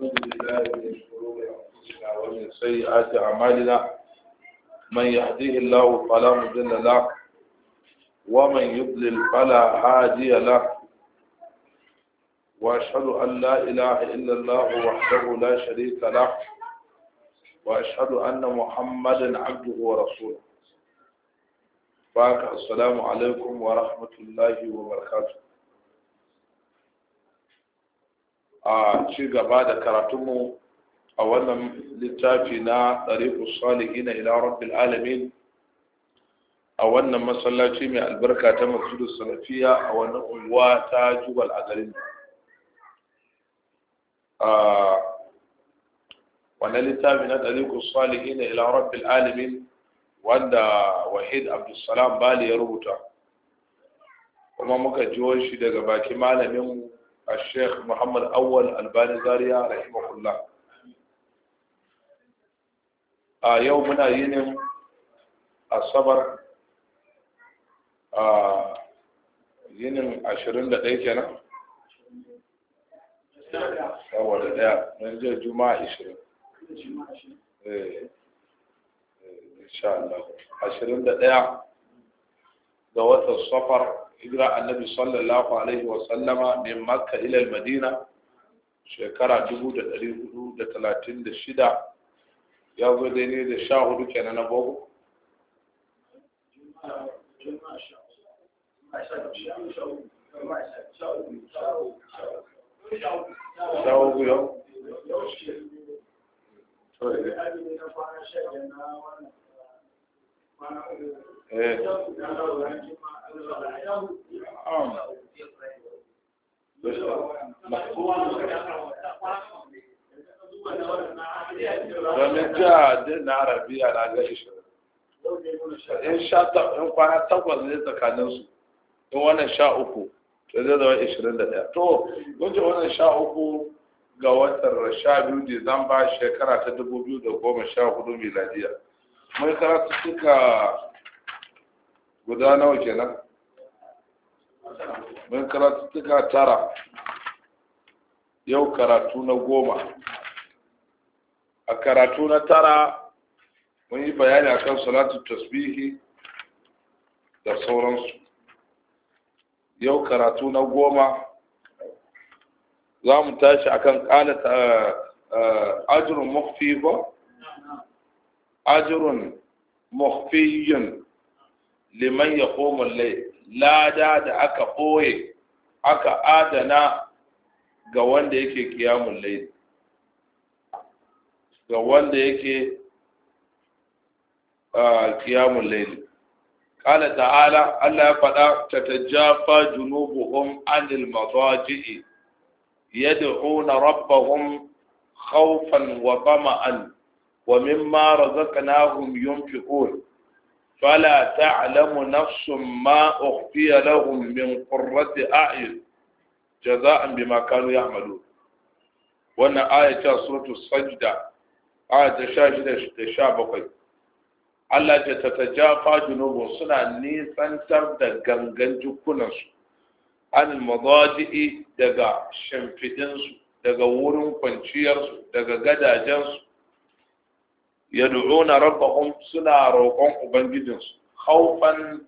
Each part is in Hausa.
بالله من شرور ومن سيئات اعمالنا من يهديه الله فلا مضل له ومن يضلل فلا هادي له واشهد ان لا اله الا الله وحده لا شريك له واشهد ان محمدا عبده ورسوله فاك السلام عليكم ورحمه الله وبركاته a ci gaba da karatunmu a wannan littafi na ɗariƙus salihin ila rabbil alamin a wannan masallaci mai albarka ta masjidu salafiya a wannan unguwa ta jubal a garin wannan littafi na ɗariƙus salihin ila rabbil alamin wanda wahid abdulsalam bali ya rubuta kuma muka jiwon shi daga baki malaminmu الشيخ محمد أول الباني زاريا رحمه الله آه، يومنا ينم الصبر آه، ينم عشرين دقيقة أنا أول من نرجع جمعة عشرين إيه. إيه، إن شاء الله عشرين دقيقة دوات الصفر hijira annabi sallallahu alaihi wa sallama min makka ila al-madina shekara 1436 ya zo dai ne da sha hudu kenan na bogo sha hudu yau to eh. Eh. domin jiya ga in kwana takwas ne tsakaninsu in wannan sha uku to zai zama da to wannan sha uku ga watan sha biyu disamba shekara ta dubu biyu da goma sha hudu miladiya mai karatu suka guda nawa kenan mun karatu tuka tara yau karatu na goma a karatu na tara mun yi bayani akan salatu tasbihi da sauransu yau karatu na goma za mu tashi akan kala eh, eh, ajirun mafi ba ajirun liman ya komun lai lada da aka ɓoye aka adana ga wanda yake kiyamun lai ga wanda yake kiyamun lai kala ta'ala Allah ya faɗa ta tajjafa junubuhum anil mazaji'i yad'una rabbahum khawfan wa tama'an wa mimma razaqnahum yunfiqun فلا تعلم نفس ما أخفي لهم من قرة أعين جزاء بما كانوا يعملون wannan aya ta suratul sajda aya ta 16 da 17 Allah ya tatajafa suna nisantar da gangan jukunansu anil madaji'i daga shimfidinsu daga wurin kwanciyarsu daga gadajensu yad'una rabbahum suna roƙon ubangijinsu khawfan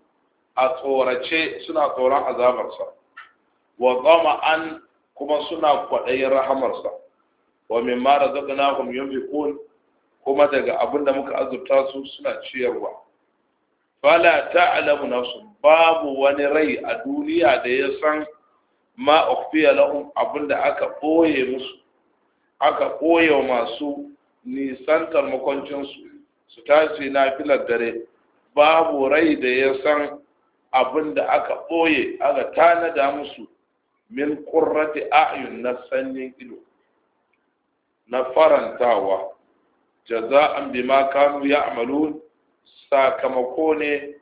a tsorace suna tsoron azabarsa wa an kuma suna kwaɗayin rahamarsa wa mimma razaqnahum yunfiqun kuma daga abin da muka azurta su suna ciyarwa fala alamu nafsun babu wani rai a duniya da ya san ma ukhfiya lahum abinda aka boye musu aka ɓoye masu nisantar makwancinsu su tasi na filar dare babu rai da ya san abin da aka ɓoye aka tanada musu min ƙurrati a'yun na sanyin ido na farantawa jaza'an bima kanu ya amalu sakamako ne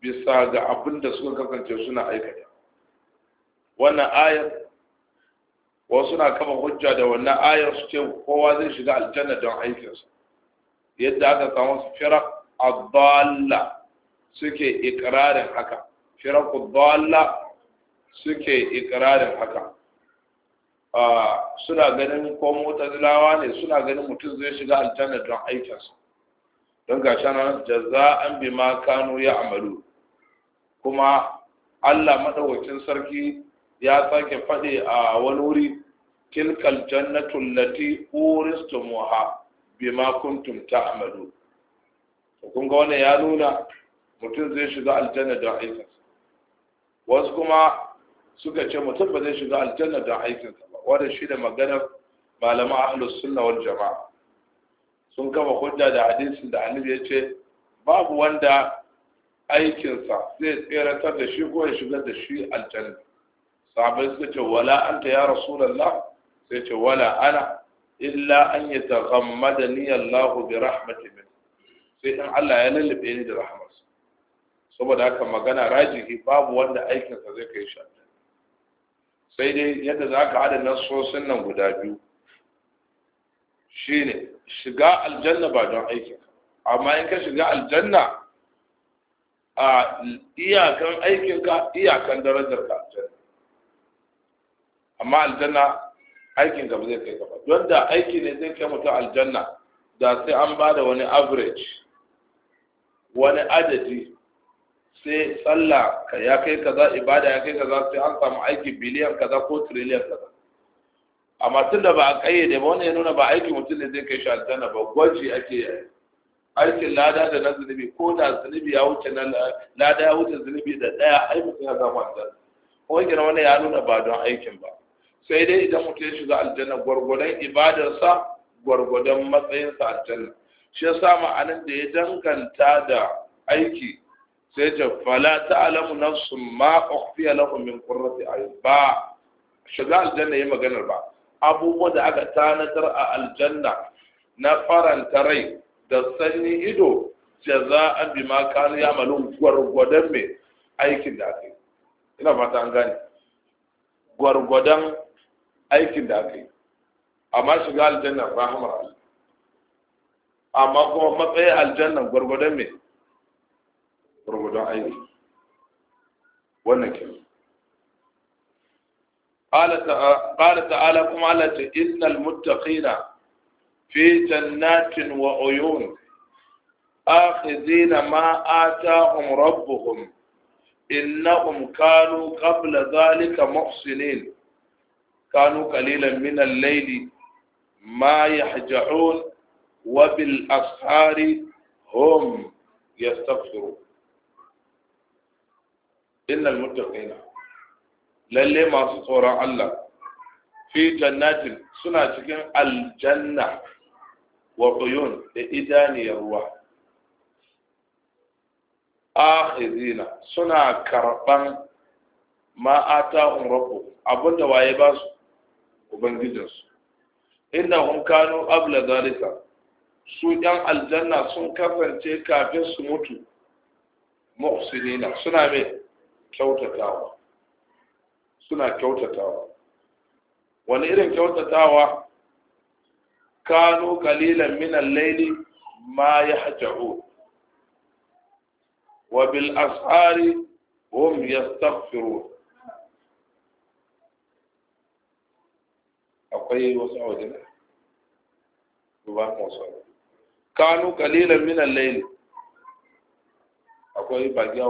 bisa ga abin da suka kasance suna aikata wannan ayar wasu na kama hujja da wannan ayar su ce kowa zai shiga aljanna don aikinsa yadda aka samu firar adalla suke ikirarin haka firar adalla suke ikirarin haka suna ganin ko mutazilawa ne suna ganin mutum zai shiga aljanna don aikinsa don gashi nan an bima kanu ya amalu kuma Allah madawacin sarki ya sake faɗi a wani wuri tilkal jannatul lati uristumuha bima kuntum ta'malu kun ga wannan ya nuna mutum zai shiga aljanna da aikinsa. wasu kuma suka ce mutum ba zai shiga aljanna da aikinsa ba wanda shi da maganar malama ahlus sunna wal jama'a sun kama hujja da hadisin da annabi ya ce babu wanda aikinsa zai tseratar da shi ko ya shigar da shi aljanna sahabai suka ce wala anta ya rasulullah sai ce wala ana illa an yataghammadani Allah bi rahmatin min sai dan Allah ya lallabe ni da rahmarsa saboda haka magana rajihi babu wanda aikin aikinsa zai kai shi sai dai yadda za ka haɗa nasosin nan guda biyu shine shiga aljanna ba don aikin amma in ka shiga aljanna a iyakan aikinka iyakan darajar ka aljanna amma aljanna aikin gaba zai kai gaba, don da aiki ne zai kai mutum aljanna da sai an ba da wani average wani adadi sai tsalla ya kai kaza ibada ya kai kaza sai an samu aiki biliyan kaza ko triliyan kaza amma tun da ba a kayyade ba wani ya nuna ba aiki mutum ne zai kai shi aljanna ba gwaji ake yi aikin lada da na zunubi ko da zunubi ya wuce na lada ya wuce zunubi da daya ai mutum ya zama aljanna kuma kina wani ya nuna ba don aikin ba sai dai idan mutum ya shiga aljanna gwargwadon ibadarsa gwargwadon matsayinsa aljanna shi ya sa ma'anin da ya danganta da aiki sai ce fala ta'lamu nafsun ma ukhfiya lahum min qurrati ayun ba shiga aljanna yayi maganar ba abubuwan da aka tanadar a aljanna na faranta rai da sanyi ido jaza'an bima kanu ya'malun gwargwadon mai aikin da aka yi ina fata an gane gwargwadon aikin da aka yi amma shiga aljanna rahamar Allah amma kuma matsayin aljanna gwargwadon me gwargwadon aiki wannan kenan قال تعالى كما قالت إن المتقين في جنات وعيون آخذين ما آتاهم ربهم إنهم كانوا قبل ذلك محسنين kanu qalilan min al-layli ma yahja'un wa bil ashari hum yastaghfirun innal muttaqina lalle masu tsoron Allah fi jannatin suna cikin aljanna wa quyun da idaniyar ruwa akhizina suna karɓan. ma atahum rabbu abinda waye ba su ubangijinsu inda hun kano abla Zarika su yan aljanna sun kasance kafin su mutu muhsinina suna mai kyautatawa suna kyautatawa wani irin kyautatawa Kano kalilan mina laili ma ya yahja'un wa bil ashari hum yastaghfirun akwai wasu a ba wasu kanu kalilan min al-layl akwai baki a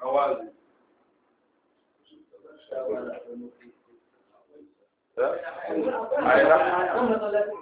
kawai eh? ai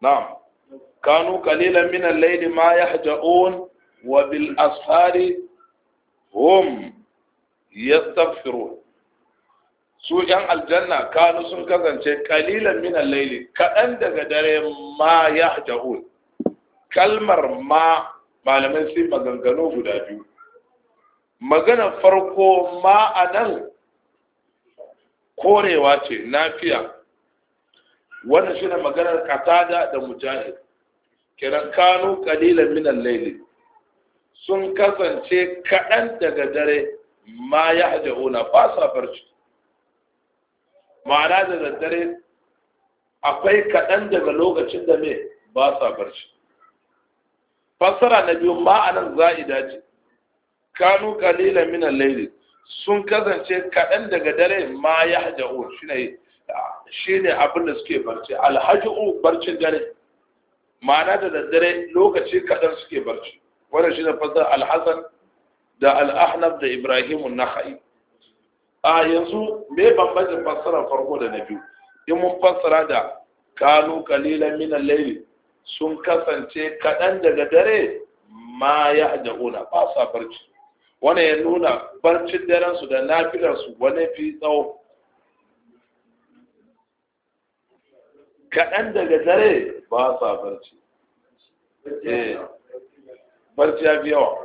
na'am kanu qalilan min al-layli ma wa bil su yan aljanna kanu sun kasance qalilan min al-layli kadan daga dare ma yahja'un kalmar ma malamai sai maganganu guda biyu magana farko ma anan korewa ce nafiya wannan shine maganar Kataga da mujahid kiran kanu qalilan min al-layl sun kasance kaɗan daga dare ma ya haja'una ba sa barci ma'ana da dare akwai kaɗan daga lokacin da me ba sa barci Fasara na biyu ma'anan za'ida ce kanu qalilan min al-layl sun kasance kaɗan daga dare ma ya haja'un shine shi ne abin da suke barci alhaji'u barcin dare ma'ana da daddare lokaci kaɗan suke barci wannan shi ne fasar alhassan da al'ahnaf da Ibrahimu na ha'i a yanzu me bambancin fassara farko da na biyu in mun fassara da kanu kalilan minan laili sun kasance kaɗan daga dare ma ya una ba sa barci Wani ya nuna barcin daren su da nafilar su wani fi tsawo kaɗan daga dare ba sa barci eh, barci ya fi yawa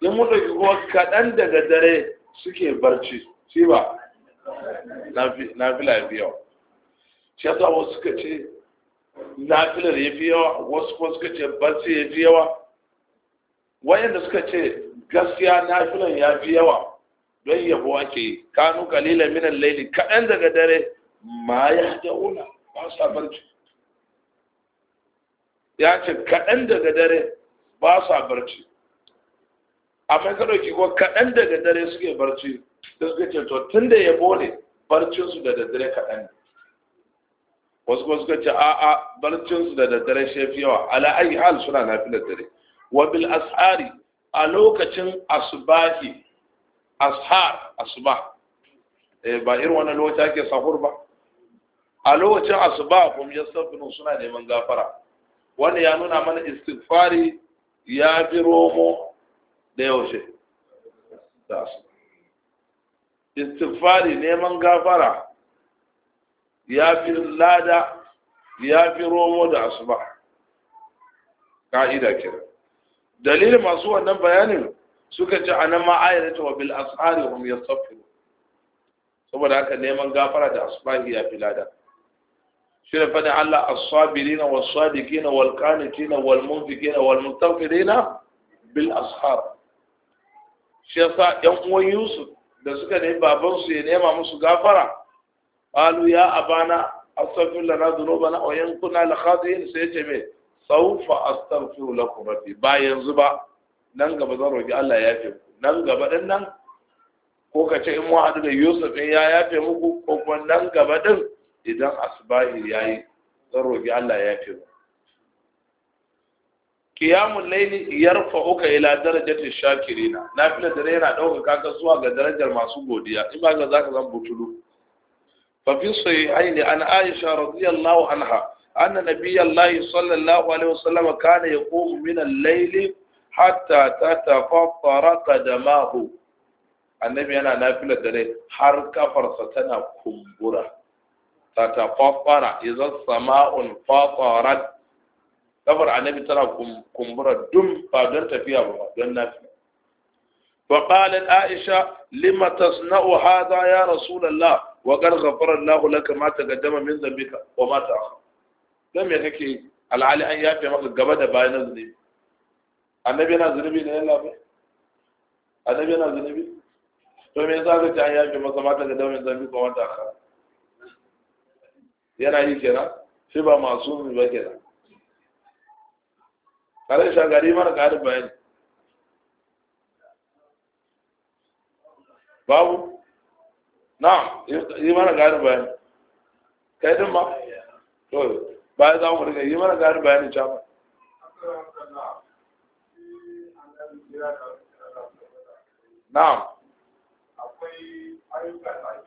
in mutu ɗauki kuma kaɗan daga dare suke barci shi ba na fi lafiya shi yasa wasu suka ce nafilar ya fi yawa wasu kuma suka ce barci ya fi yawa wayanda suka ce gaskiya nafilar ya fi yawa don yabo ake yi kanu kalilan minan laili kaɗan daga dare ma ya da'una ba barci ya ce kaɗan daga dare ba sa barci amma ka ɗauki ko kaɗan daga dare suke barci da suka ce to tun da ya ne barcinsu da daddare kaɗan ne wasu kuma suka ce a'a barcinsu da daddare shafi yawa ala ayi hal suna na fi daddare wa bil ashari a lokacin asubahi ashar asuba. Eh, ba irin wani lokaci ake sahur ba a lokacin asuba kuma nun suna neman gafara wanda ya nuna mana istighfari ya fi romo da yaushe da su istighfari neman gafara ya fi lada ya fi romo da asuba ka'ida kira dalilin masu wannan bayanin suka ce a nan ta wa bil asari hum yastaghfiru saboda haka neman gafara da asuba ya fi lada shi da fadin Allah as-sabirina was-sadiqina wal-qanitina wal-munfiqina wal-mustaghfirina bil ashab shi yan uwan da suka ne baban su ya nema musu gafara qalu ya abana astaghfir lana dhunubana wa yankuna al-khati'in sai ce me sawfa astaghfiru lakum rabbi ba yanzu ba nan gaba zan roki Allah ya yafe ku nan gaba din nan ko ka ce in mu haɗu da Yusuf in ya yafe muku ko kuma nan gaba din idan ya yayi zan roƙi Allah ya fi Laini, layli fa'uka ila na shakirina da dare yana ɗaukar kaka zuwa ga darajar masu godiya in ba ga ka zan butulu fa fi aini an aisha radiyallahu anha anna nabiyallahi sallallahu alaihi wasallam kana yaqumu min al-layli hatta tatafattara qadamahu annabi yana da dare har kafarsa tana kumbura Tata tatakwafara izar sama'un fatsarar kafar annabi tana kumbura dum ba don tafiya ba don nafi faƙalin aisha lima tasna'u hada ya rasulallah wa gar gafara allah laka ma ta min zambika wa ma ta akha don me kake alhali an yafe maka gaba da bayan zunubi annabi yana zunubi da yalla ba annabi yana zunubi to me yasa ta yafe maka ma ta gaddama min zambika wa ma ta yana yi kenan sai ba masu ba kenan kare shagari mara ƙarin bayani babu na yi mana ƙarin bayani kai din ma to Ba za mu riga yi mana ƙarin bayani chama Na akwai ayyukan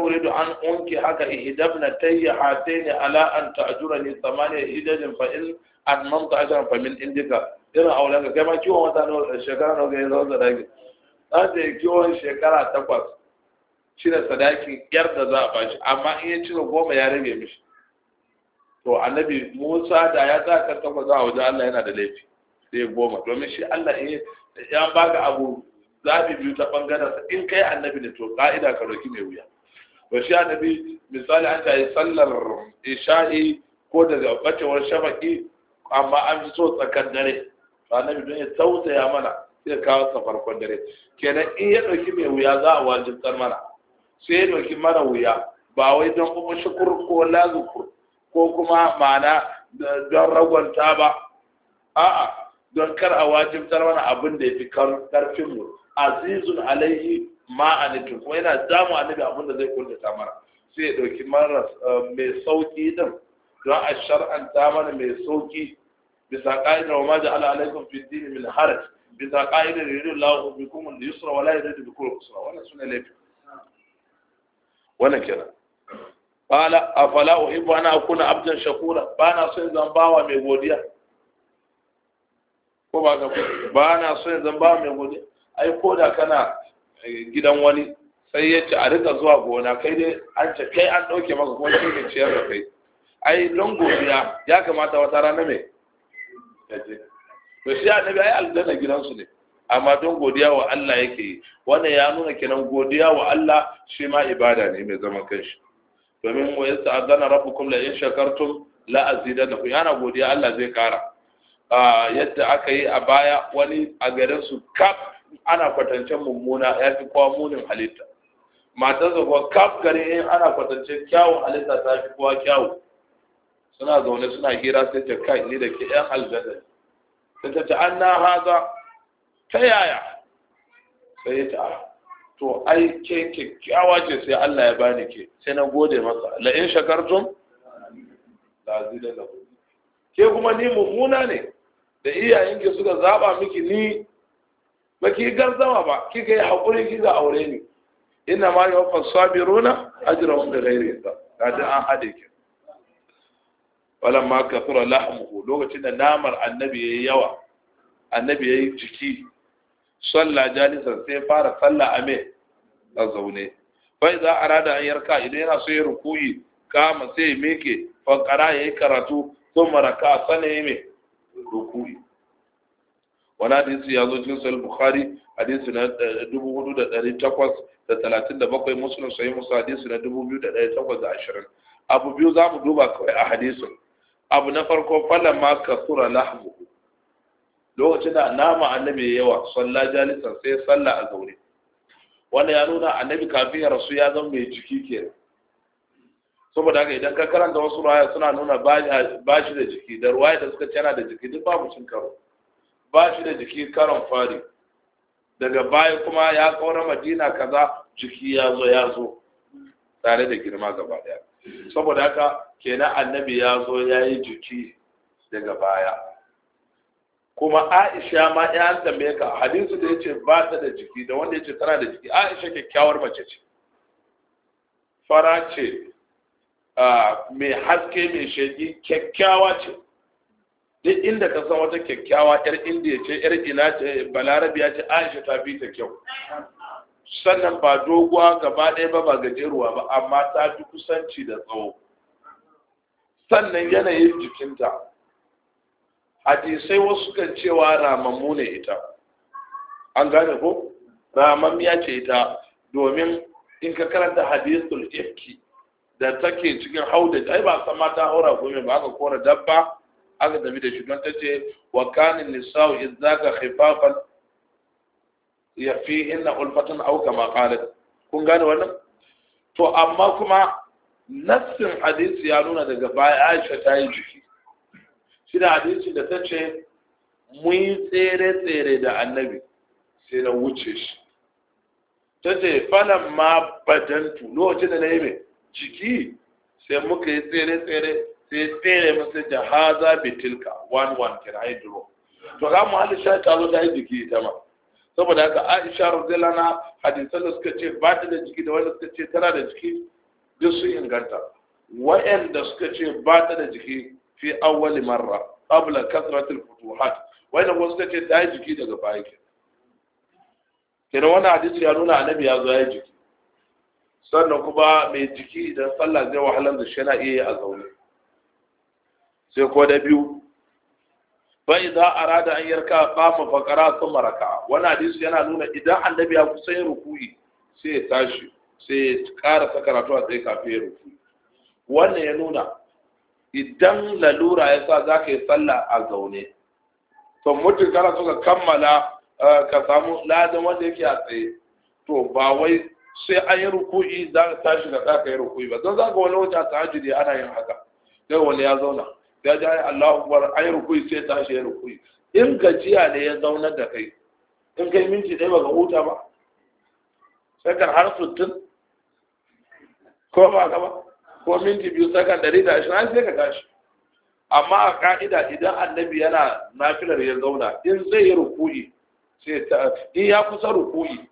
wuri do an unki haka na tayya hatayn ala an ta'jurani thamaniya hidajin fa in atmamta ajran fa min indika irin ka kai ma kiwon wata no shekara na ga yazo da ta yi kiwon shekara takwas cire sadaki yar da za a bashi amma in ya cire goma ya rage mishi to annabi Musa da ya tsaka takwas za a wajen Allah yana da laifi sai goma domin shi Allah in ya baka abu zaɓi biyu ta ɓangaren sa in kai annabi ne to ka'ida ka roki mai wuya ba shi annabi misali an ta yi sallar isha'i ko da ɓacewar shafaki amma an fi so tsakan dare annabi don ya tausaya mana sai kawo sa farkon dare kenan in ya ɗauki mai wuya za a wajibtar mana sai ya ɗauki mana wuya ba wai don kuma shukur ko lazukur ko kuma ma'ana don ragon ba a'a don kar a wajibtar mana abin da ya fi karfin mu azizun alaihi ma anitum kuma yana damu annabi abin da zai kunta mara sai ya dauki mara eh, mai sauki din don a shar'an mana mai sauki bisa ka'idar wa ma ala alaikum fi dini min haraj bisa ka'idar yuridu Allahu bikum da yusra wa la yuridu bikum al-usra wannan suna laifin wannan kenan qala afala uhibbu ana kuna abdan shakura bana so zan bawa mai godiya ko ba ga bana so zan bawa mai godiya ai ko da kana eh, gidan wani sai ya ci a rika zuwa gona kai dai an ce kai an ɗauke maka kuma shi ciyar da kai ai don godiya ya kamata wata rana mai yaje. to shi annabi ai aljanna gidansu ne amma don godiya wa Allah yake yi wannan ya nuna kenan godiya wa Allah shi ma ibada ne mai zaman kanshi domin wa yasta'adana rabbukum la in shakartum la azidannakum yana godiya Allah zai kara ah, yadda aka yi a baya wani a garin su kaf ana kwatancen mummuna ya fi kowa munin halitta matarsa kuwa kaf gare in ana kwatancen kyawun halitta ta fi kowa kyawu suna zaune suna hira sai ta kai ni da ke yan aljada. sai ta ce an na haza ta yaya sai ya ta ah, to ai ke kyakkyawa ce sai Allah ya bani ke sai na gode masa la in shakartum zida ke kuma ni mummuna ne da iyayen ke suka zaba miki ni ba ki garzama ba kika yi haƙuri kika aure ni ina ma yi wafa sabiruna ajirahum da gairi ta da an hade ki walan ma lahmuhu lokacin da namar annabi yayi yawa annabi yayi jiki sallah jalisan sai fara sallah a me a zaune fa idza arada an yarka idan yana so ya rukuyi kama sai meke fa qara yayi karatu thumma raka sana me rukuyi wani hadisi ya zo cikin sahih bukhari hadisi na 4837 eh, muslim sahih musa hadisi na 2820 abu biyu za mu duba kawai a hadisin abu na farko falan ma kasura lahmu lokacin da nama annabi yawa sallah jalisan sai sallah a zaure Wani ya nuna annabi kafin ya rasu ya zama mai jiki kenan saboda haka idan ka karanta wasu ruwaya suna nuna ba shi da jiki da ruwaya da suka cana da jiki duk babu cin karo ba shi da jiki karon fari daga baya kuma ya kaura madina kaza jiki ya zo ya zo tare da girma gaba daya saboda haka kenan annabi ya zo ya yi jiki daga baya kuma aisha ma ya tambaye ka hadisu da ya ce ba ta da jiki da wanda ya ce tana da jiki aisha kyakkyawar mace ce fara ce mai haske mai shegi kyakkyawa ce duk inda ka san wata kyakkyawa yar indiya ce yar ina ce balarabiya ce aisha ta fi ta kyau sannan ba doguwa gaba ɗaya ba ba gajeruwa ba amma ta fi kusanci da tsawo sannan yanayin jikinta hadisai wasu kan cewa ramammu ne ita an gane ko ramammiya ce ita domin in ka karanta hadisul ifki da take cikin hauda ai ba san mata haura gome ba aka kora dabba aka da shi don ta ce wa kanin nisa'u idzaka khifafan ya fi inna ulfatun au kama kun gane wannan to amma kuma nassin hadisi ya nuna daga baya Aisha ta yi jiki shi da hadisi da ta ce mun tsere tsere da annabi sai na wuce shi ta ce falan ma badantu lokacin da na yi mai jiki sai muka yi tsere tsere sai tsere masa jahaza bitilka one one kira ai duro to ga mu Aisha ta zo da yi jiki ita ma saboda haka Aisha rufe anha hadisan da suka ce ba ta da jiki da wanda suka ce tana da jiki duk su inganta wa'anda suka ce ba ta da jiki fi awwal marra qabla kasratil futuhat wani kuma suka ce ta yi jiki daga baya ke kenan wannan hadisi ya nuna annabi ya zo ya jiki sannan kuma mai jiki idan sallah zai wahalar da shi yana iya yi a zaune sai ko da biyu bai za a rada an yarka kafa fakara sun maraka wani hadisi yana nuna idan annabi ya kusa yin rukuyi sai ya tashi sai ya ƙara ta karatu a tsaye kafin ya rukuyi wannan ya nuna idan lalura ya sa za ka yi sallah a zaune to mutum kana so ka kammala eh, ka samu ladan wanda yake a tsaye to ba wai sai an yi rukuyi za ka tashi ka ka yi rukuyi ba don za ka wani wata a tahajjudi ana yin haka sai wani ya zauna ya ji Allahu an yi rukui sai shi ya rukui in gajiya ne ya zauna da kai in kai minti ɗaya baka huta ba sakar har sutun ko ba ka ba ko minti biyu sakar ɗari da ashirin sai ka tashi amma a ka'ida idan annabi yana nafilar ya zauna in zai yi rukui sai ta in ya kusa rukui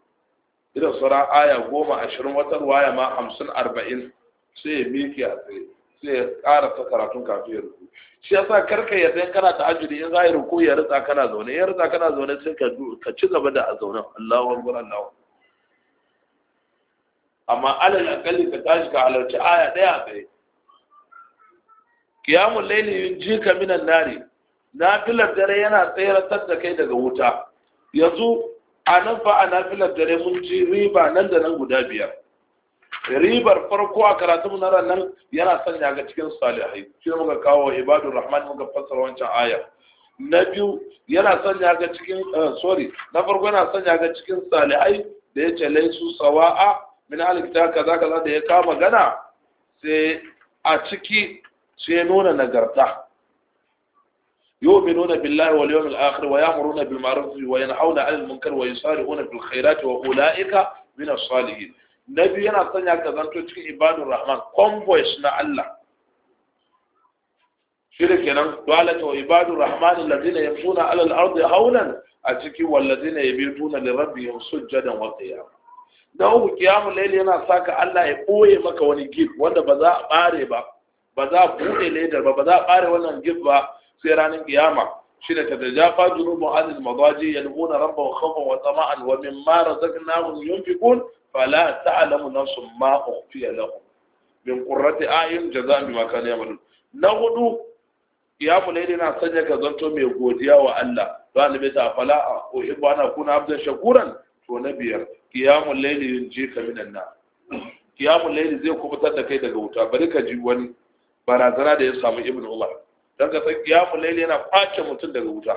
idan sura aya goma ashirin wata ruwaya ma hamsin arba'in sai ya miƙe a tsaye sai ya ta karatun kafin ya ruku shi yasa karka yarda kana ta ajuri in za ya ruku ya ritsa kana zaune ya ritsa kana zaune sai ka ka ci gaba da a zaune Allahu akbar Allahu amma alal akalli ka tashi ka halarci aya daya tsaye qiyamul layli yunjika minan nari filar dare yana tsayar da kai daga wuta yanzu a nan fa a filar dare mun ci riba nan da nan guda biyar ribar farko a karatu na ranar yana sanya ga cikin salihai shi muka kawo ibadun rahman muka fassara wancan aya na biyu yana sanya ga cikin eh, sorry na farko yana sanya ga cikin salihai da ya ce laisu sawa'a min alkitab kaza kaza da ya kama gana sai a ciki sai nuna nagarta bil ma'ruf wa yanhauna 'anil munkar wa yusari'una bil khairati wa الخيرات min as salihin. na biyu yana sanya ka zanto cikin ibadun rahman convoys na Allah shi da kenan dole ta ibadun rahman alladhina yamshuna ala alal ardi haunan a cikin walladhina yabituna li rabbihim sujjadan wa qiyama na uku kiyamun laili yana saka Allah ya ɓoye maka wani gif wanda ba za a ɓare ba ba za a buɗe ledar ba ba za a ɓare wannan gif ba sai ranar kiyama shi da tatajafa junubun azil mazaji yalhuna rabban khawfan wa tama'an wa mimma razaqnahum yunfiqun fala ta'lamu nafsun ma ukhfiya lahum min qurrati a'yun jaza'an wa, kanu ya'malun na hudu ya mu ne na sanya ka zanto mai godiya wa Allah don annabi ta fala a ko uhibbu ana kuna abdan shakuran to na biyar qiyamul layli yunjika minan nar qiyamul layli zai kubutar da kai daga wuta bari ka ji wani barazana da ya samu ibnu umar dan ka san qiyamul layli yana kwace mutum daga wuta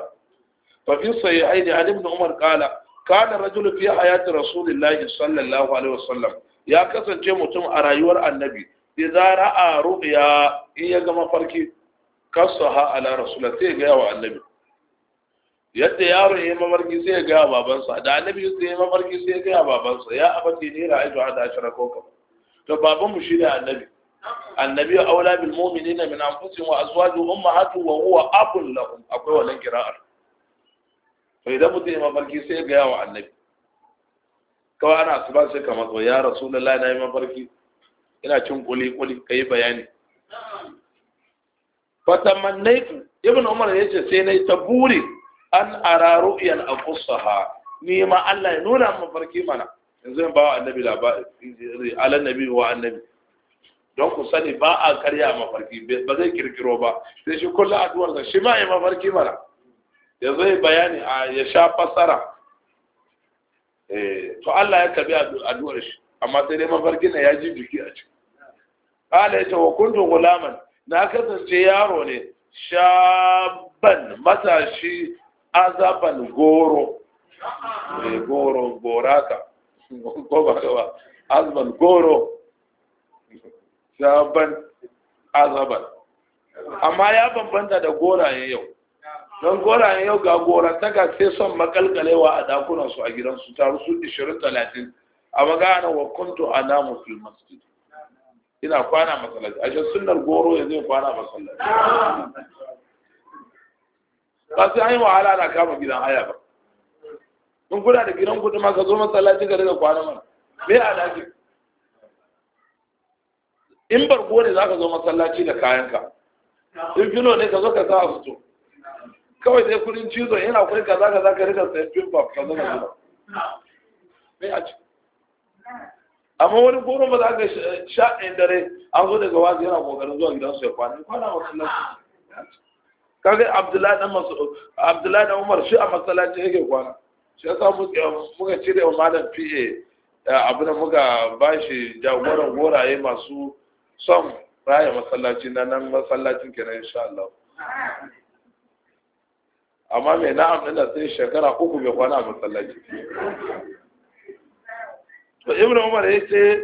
fa fi sahihaini an ibnu umar qala kana rajulu fi hayati rasulillahi sallallahu alaihi wasallam ya kasance mutum a rayuwar annabi idza ra'a ru'ya in ya ga mafarki kasaha ala rasulullah sai ga yawa annabi yadda yaro ya mafarki sai ga babansa da annabi sai ya mafarki sai ga babansa ya abati ne ra'aytu hada ashraka to baban mu shi ne annabi annabi aula bil mu'minina min anfusihim wa azwajuhum ummahatuhum wa huwa abul lahum akwai wannan qira'ar to da mutum ya mafarki sai ga gaya wa annabi kawai ana ba sai ka matso ya rasu na yi mafarki ina cin kuli kuli ka yi bayani fatamannaitu ibn umar ya ce sai na yi ta buri an ara ru'yan a ha ni ma allah ya nuna mafarki mana yanzu ba wa annabi labari alan nabi wa annabi don ku sani ba a karya mafarki ba zai kirkiro ba sai shi kullum addu'ar shi ma ya mafarki mana ya zai bayani a ya sha fassara eh, to Allah ya tabi addu'ar shi amma sai dai mafarkin ne ya ji jiki a ciki qala ya kuntu gulaman na kasance yaro ne shaban matashi azaban goro eh, goro goraka ko ba ba azaban goro shaban azaban amma ya bambanta da goraye yau don gorayen yau ga ga sai son makalkalewa a dakunansu a gidansu taru su 20-30 a magana wa kuntu a namu fil masjid ina kwana masallaci a shan sunnar goro ya zai kwana masallaci ba sai an yi wahala na kama gidan haya ba in kuna da gidan kudi ma ka zo masallacin ka daga kwana mana me a daji in bargo ne za ka zo masallaci da kayanka in filo ne ka zo ka sa a fito kawai dai kudin cizo yana kudin kaza kaza ka rika sayan ba ka zama zuwa mai a ci amma wani goro ba za ka sha ɗin dare an zo daga wazi yana kokarin zuwa gidan su ya kwana kwana lafiya kaga abdullahi dan masu abdullahi dan umar shi a masallaci yake kwana shi yasa muka cire wa malam pa eh, abin da muka bashi jagoran goraye masu son raya masallaci na nan masallacin kenan insha Allah amma mai na'am ɗin da sai shekara uku mai kwana a masallaci to ibn umar ya ce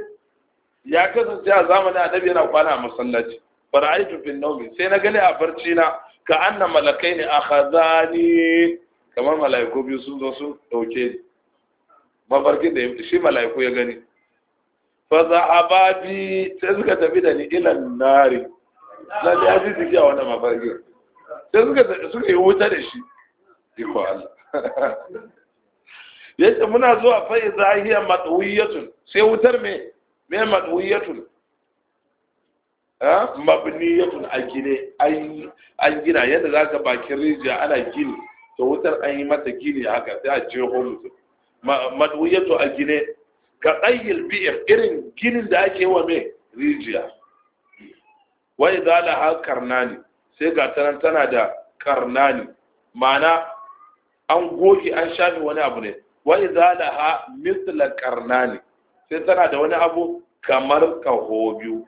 ya kasance a zamanin annabi yana kwana a masallaci fara'aitu bin naumi sai na gani a barci na ka anna malakai ne akhazani kamar malaiku biyu sun zo su dauke ni mafarkin da shi malaiku ya gani faza a bi sai suka tafi da ni ilan nari lalle ya ji jiki a wannan mafarkin sai suka yi wuta da shi iko Allah yace muna zuwa fa iza hiya matwiyatun sai wutar me me matwiyatun ha mabniyatun a gine an gina yadda zaka bakin rijiya ana gini to wutar an yi mata gini haka sai a jeho mutum matwiyatu a gine ka qayyil bi'r irin ginin da ake wa me rijiya wa idza laha karnani sai ga tana da karnani ma'ana an goge an shafe wani abu ne wa 'iza laha misla karnani sai tana da wani abu kamar kaho biyu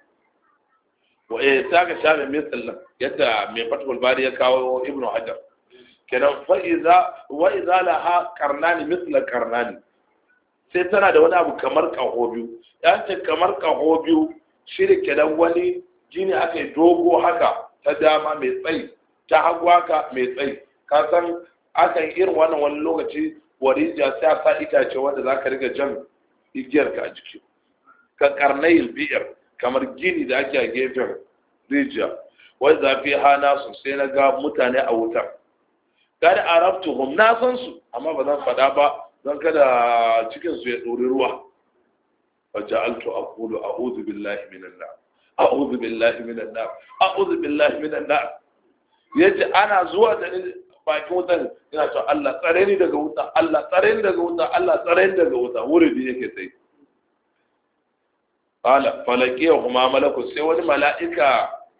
wa eh ta ka shafe misla yadda mai fatul bari ya kawo ibnu hajar kenan fa idza wa karnani laha karnani sai tana da wani abu kamar kaho biyu ya ce kamar kaho biyu shi da kenan wani jini aka yi dogo haka ta dama mai tsayi ta hagu haka mai tsayi ka san akan irin wannan wani lokaci warija sai a sa itace wanda za ka riga jan igiyar ka a jiki ka karnayin biyar kamar gini da ake a gefen rijiya wani zafi hana su sai na ga mutane a wutar gani arabtuhum na san su amma ba zan faɗa ba zan kada cikin su ya ɗori ruwa فجعلت أقول أعوذ بالله من النار أعوذ بالله من النار أعوذ بالله من النار yace ana zuwa da bakin wutan yana cewa Allah tsare ni daga wuta Allah tsare ni daga wuta Allah tsare ni daga wuta wuridi yake sai qala falakiya huma malaku sai wani mala'ika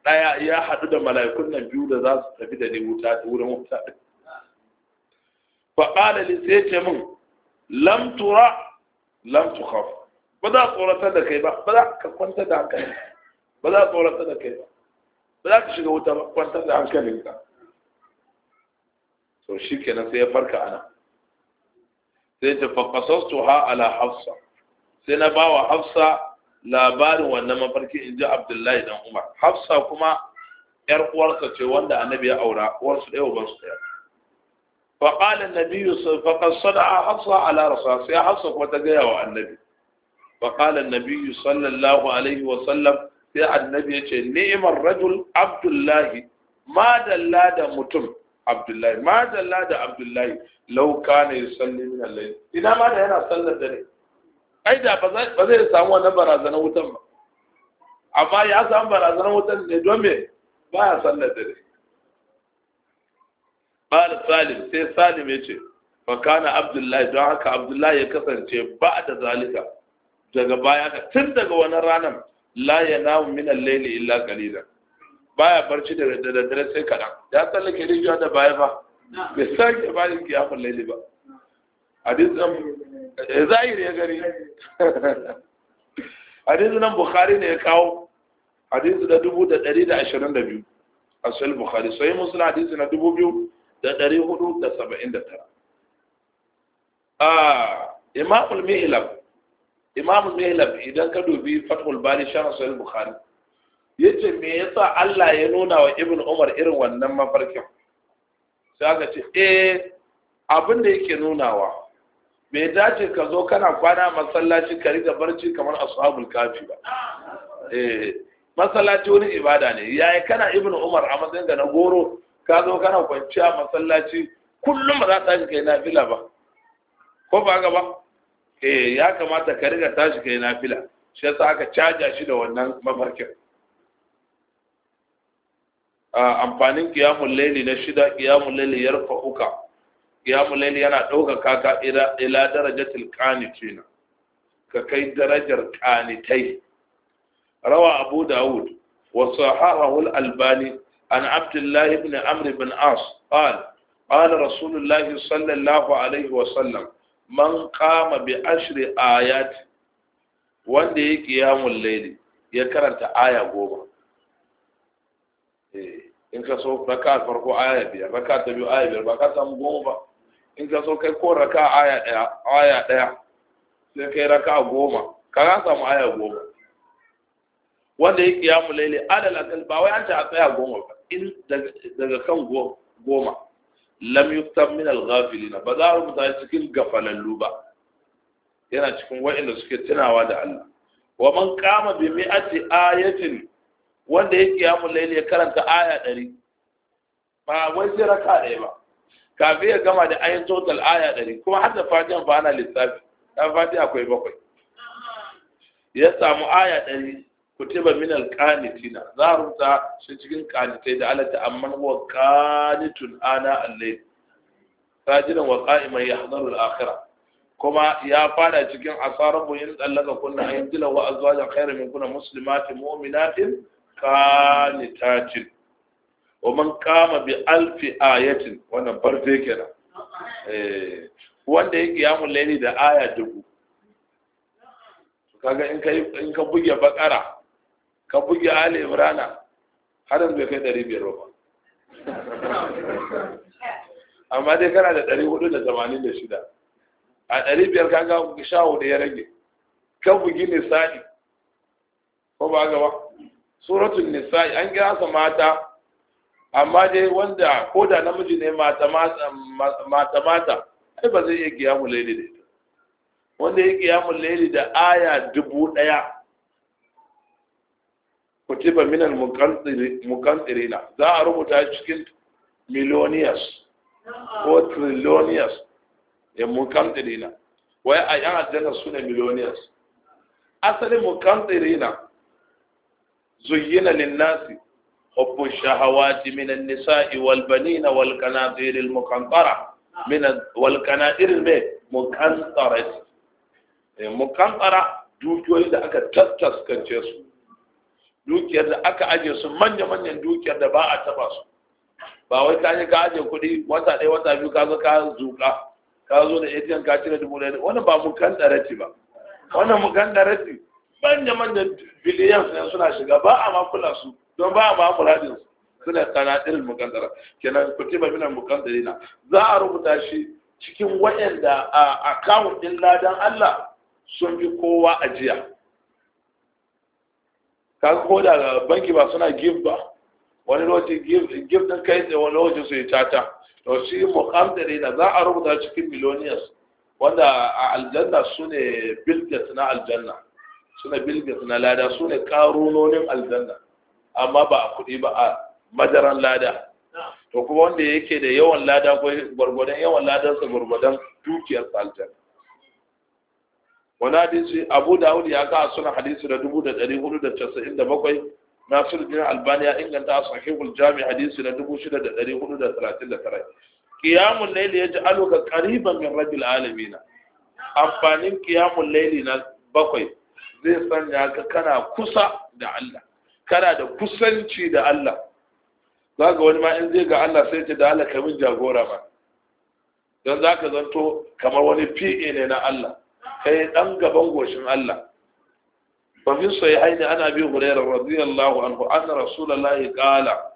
daya ya hadu da mala'ikun nan biyu da za su tafi da ni wuta wurin wuta fa qala li sai ce min lam tura lam tukhaf ba za tsoratar da kai ba ba za ka kwanta da hankali ba za da kai ba ba za ka shiga wuta ba da hankalinka to shi kenan sai ya farka ana sai ta faƙasastu ha ala hafsa sai na bawa hafsa labarin wannan mafarki in ji abdullahi dan umar hafsa kuma yar uwarsa ce wanda annabi ya aura uwarsu ɗaya uban su ɗaya faƙala nabi yusuf faƙad sada'a hafsa ala rasa sai hafsa kuma ta gaya wa annabi faƙala nabi sallallahu alaihi wa sallam sai annabi ya ce ni'imar rajul abdullahi ma dalla da mutum abdullahi ma dalla da abdullahi law kana yusalli min al-layl ina ma da yana sallar da dare ai da ba zai samu wannan barazanar wutan ba amma ya samu barazanar wutan ne don me ba ya sallar da dare ba salim sai salim ya ce fa kana abdullahi don haka abdullahi ya kasance ba da zalika daga baya tun daga wani ranar la yanamu min al-layli illa qalilan baya barci da daddare sai kaɗan ya tsallake rijiya da baya ba bai sake bayan kiyafin laili ba hadisin eh, zahiri ya gari hadisin nan bukhari ne ya kawo hadisi da dubu da ɗari da ashirin da biyu a sahih bukhari sai muslim hadisi na dubu biyu da ɗari hudu da saba'in da tara ah, imamul mihlab imamul mihlab idan ka dubi fathul bari shan sahih bukhari yace me yasa Allah ya nuna wa Ibn Umar irin wannan mafarkin sai aka ce eh abin da yake nunawa me dace ka zo kana kwana masallaci ka riga barci kamar ashabul kafi ba eh masallaci wani ibada ne yayi kana Ibn Umar a matsayin ga na goro ka zo kana kwanciya masallaci kullum ba za ta tashi kai nafila ba ko ba gaba eh ya kamata ka riga tashi kai nafila shi yasa aka caja shi da wannan mafarkin amfanin kiyamun laili na shida ya rufa uka. kiyamun laili yana ɗauka kaka ila darajatil qanitina ka kai darajar kanitai. rawa abu daud wa sahahahu albani an Abdullahi ibn amr ibn as qala قال رسول sallallahu alaihi wa sallam man من bi بعشر ayat wanda ya qiyamul layli ya karanta aya goma in ka so raka farko aya biyar raka ta biyu aya biyar ba ka samu goma ba in ka so kai ko raka aya ɗaya aya ɗaya sai kai raka goma ka ka samu aya goma wanda ya mu laili alal akal ba wai an ta tsaya goma ba in daga kan goma lam yuktab min al ghafilina ba za mu ta cikin gafalallu ba yana cikin wa'inda suke tunawa da Allah wa man qama bi mi'ati ayatin wanda ya kiyamu laili ya karanta aya ɗari ba wai sai raka ɗaya ba kafin ya gama da ayin total aya ɗari kuma har da fatihan ba ana lissafi ɗan fati akwai bakwai ya samu aya ɗari kutiba min alqanitina za a rubuta shi cikin qanitai da alata amma wa qanitun ana allai layl sajidan wa qa'iman yahdharu al-akhirah kuma ya fada cikin asarabu yin tsallaka kunna ayyidila wa azwajan khairu min kunna muslimatin mu'minatin qanitatin wa man kama bi alfi ayatin wannan farfe kenan eh wanda ya kiyamu laili da aya dubu kaga in ka in ka buge bakara ka buge ali imrana har bai kai biyar ba amma dai kana da 486 a 500 kaga hudu ya rage ka bugi ne sani ko ba gaba suratul nisa an kira sa mata amma dai wanda ko da namiji ne mata mata mata ai ba zai iya kiyamu laili da ita wanda ya kiyamu laili da aya dubu daya kutiba minal muqantirina za a rubuta cikin millionaires ko trillionaires ya muqantirina wai a yan aljanna sune millionaires asalin muqantirina زين للناس حب الشهوات من النساء والبنين والقناطير المقنطرة من والقناطير المقنطرة مقنطرة dukiyoyi da aka tattaskance su dukiyar da aka aje su manya-manyan dukiyar da ba a taba su ba wai ka ka aje kuɗi wata ɗaya wata biyu ka zo ka zuka ka zo da ka cire dubu ɗaya Wani ba mu ba wannan mu kan manya-manyan biliyan ne suna shiga ba a makula su don ba a makuladin su suna kana irin mukandara kenan kutiba mina na za a rubuta shi cikin wayanda a akawun ɗin ladan Allah sun bi kowa ajiya ka ko da banki ba suna give ba wani lokaci give din kai da wani lokaci su yi tata to shi mukandarina za a rubuta cikin millionaires wanda a aljanna sune ne na aljanna suna bilgis na lada su ne karunonin aljanna amma ba a kuɗi ba a madaran lada to kuma wanda yake da yawan lada gwargwadon yawan ladansa gwargwadon dukiyar saltan wani hadisi abu dawud ya ka suna hadisi da dubu da ɗari hudu da casa'in da bakwai na jina albani inganta a sahihul jami hadisi na dubu shida da ɗari hudu da talatin da tara kiyamun laili ya ji aluka kariban min rajul alamina amfanin kiyamun laili na bakwai zai sanya ka kana kusa da Allah kana da kusanci da Allah za ga wani ma in zai ga Allah sai ce da Allah ka jagora ba. don za ka zanto kamar wani fi'e ne na Allah kai ɗan gaban goshin Allah fa min haini ana bi hurairar radiyallahu anhu kala yanzu qala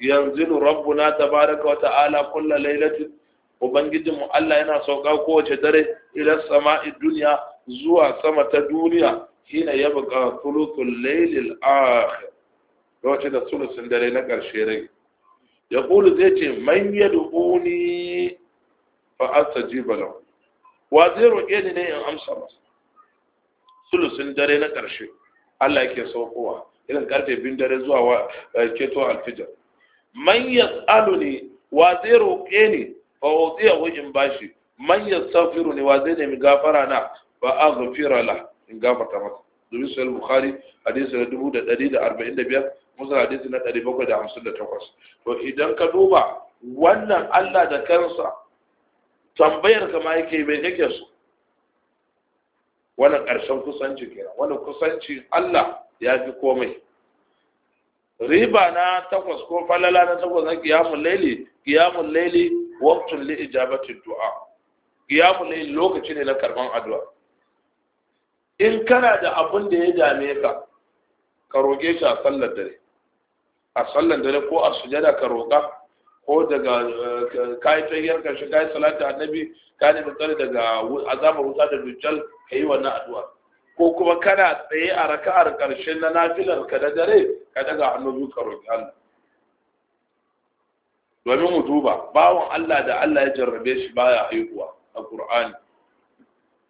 yanzilu rabbuna tabaraka ala ta'ala kullu lailatin ubangijinmu Allah yana sauka kowace dare ila sama'i duniya zuwa sama ta duniya hina ya buga tulutun lailil akhir lokacin da sulusun dare na ƙarshe rai ya kulu zai ce man ya dubuni fa astajiba lahu wa zai roƙe ni ne in amsa masa sulusun dare na ƙarshe Allah yake saukowa irin karfe bin dare zuwa wa eh, keto alfijar man yas'aluni wa zai roƙe ni fa wuziyahu in bashi man yastaghfiru ni wa zai nemi gafara na a aghfira lahu in gafarta masa domin sahih bukhari hadisi na 1145 musa hadisi na 758 to idan ka duba wannan Allah da kansa tambayar kama yake mai yake su. wannan ƙarshen kusanci kenan wannan kusanci Allah ya fi komai riba na takwas ko falala na takwas na kiyamun laili kiyamun laili waktun li ijabati du'a kiyamun laili lokaci ne na karban addu'a in kana da abin da ya dame ka ka roƙe shi a sallar dare a sallar dare ko a sujada ka roƙa ko daga eh, kayi tsayyar karshe kayi salatu annabi ka nemi tsari daga azabar wuta da dujjal ka yi wannan addu'a ko kuma kana tsaye a raka'ar karshe na nafilar ka da dare ka daga hannu ka roƙi Allah domin mu duba bawan Allah da Allah ya jarrabe shi baya haihuwa a Qur'ani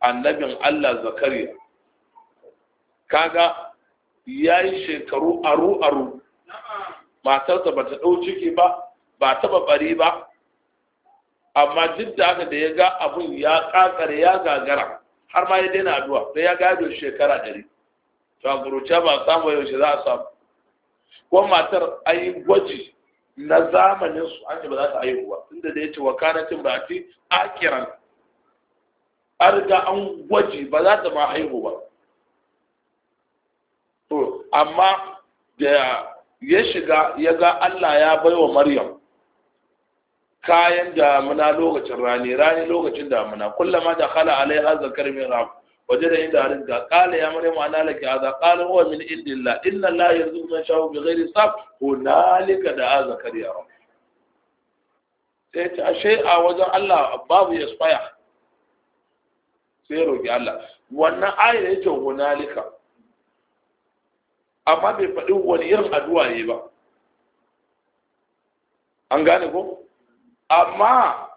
annabin Allah Zakariya kaga ya yi shekaru aru aru matarsa ba ta ɗau ciki ba ba ta bari ba amma duk da haka da ya ga abun ya kakare ya gagara har ma ya daina addu'a da ya gado shekara ɗari to a guruce ba samu yaushe za a samu ko matar a yi gwaji na zamanin su an ce ba za ta ba, inda da ya ce wakanatin ba a ci akiran an an gwaji ba za ta ma haihu ba amma da ya shiga ya ga Allah ya bai wa Maryam kayan damuna lokacin rani rani lokacin damuna kullama da khala alaiha zakar min rab waje da inda harin ga qala ya maryam ana laki hada qala huwa min illa inna allaha yarzuqu man bi ghairi sab hunalika da zakariya rab sai ta ashe a wajen Allah babu ya tsaya sai roki Allah wannan ayar yake hunalika amma bai faɗi wani irin addu'a ne ba an gane ko amma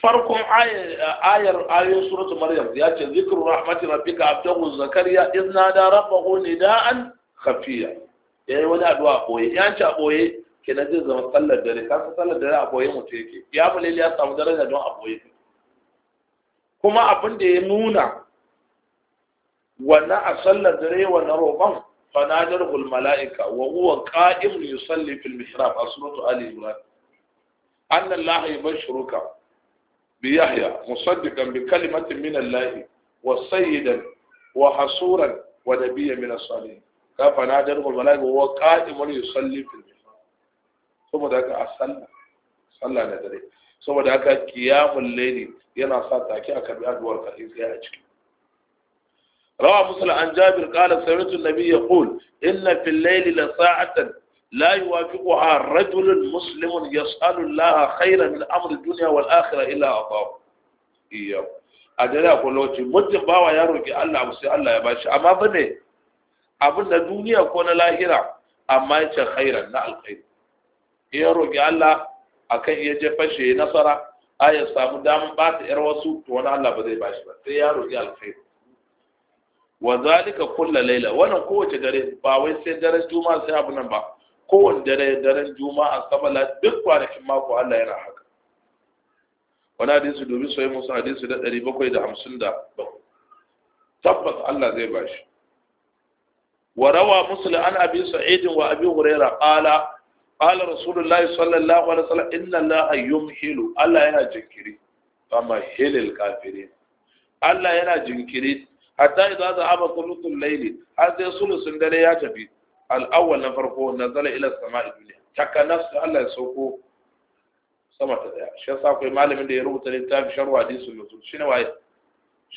farkon ayar ayoyin suratul maryam ya ce zikru rahmatir rabbika abdahu zakariya idna da rabbahu nida'an khafiya yayi wani addu'a koyi ya ce koyi kenan zai zama sallar dare ka san sallar dare a koyi mutum yake ya mu ya samu daraja don a koyi kuma abin da ya nuna wannan a sallar dare wannan roƙon فنادره الملائكة وهو قائم يصلي في المحراب أسرة آل عمران أن الله يبشرك بيحيى مصدقا بكلمة من الله وسيدا وحصورا ونبيا من الصالحين فنادره الملائكة وهو قائم يصلي في المحراب ثم ذاك أصلى صلى ندري ثم ذاك قيام الليل ينا ساتاكي أكبر أدوار كإذ يا أجل روى مسلم عن جابر قال سمعت النبي يقول إن في الليل لساعة لا يوافقها رجل مسلم يسأل الله خيرا من أمر الدنيا والآخرة إلا أعطاه إياه أجل أقول لك مدق باوا يا روكي الله أبسي الله يا باشا أما بني أبن الدنيا كون لاهرة أما يتشى خيرا لا الخير يا روكي الله أكن يجفشي نصر آية سامو دام بات إروسو تونا الله بدي باشا يا روكي الخير wa zalika kulla Layla, wannan kowace dare ba wai sai daren juma'a sai abu nan ba kowane dare daren juma'a sabala duk kwanakin mako Allah yana haka wani hadisi domin sai musu hadisi da bakwai da hamsin 757 tabbas Allah zai bashi wa rawa muslim an abi sa'id wa abi hurairah qala qala rasulullahi sallallahu alaihi wasallam inna allaha yumhilu Allah yana jinkiri amma hilil kafirin Allah yana jinkiri hatta idan za a ba sulusul laili har sai sulusun dare ya tafi al'awwal na farko nazala ila sama'i duniya taka nafsu Allah ya sauko sama ta daya shi yasa akwai malamin da ya rubuta littafin sharhu hadisul nuzul shine waye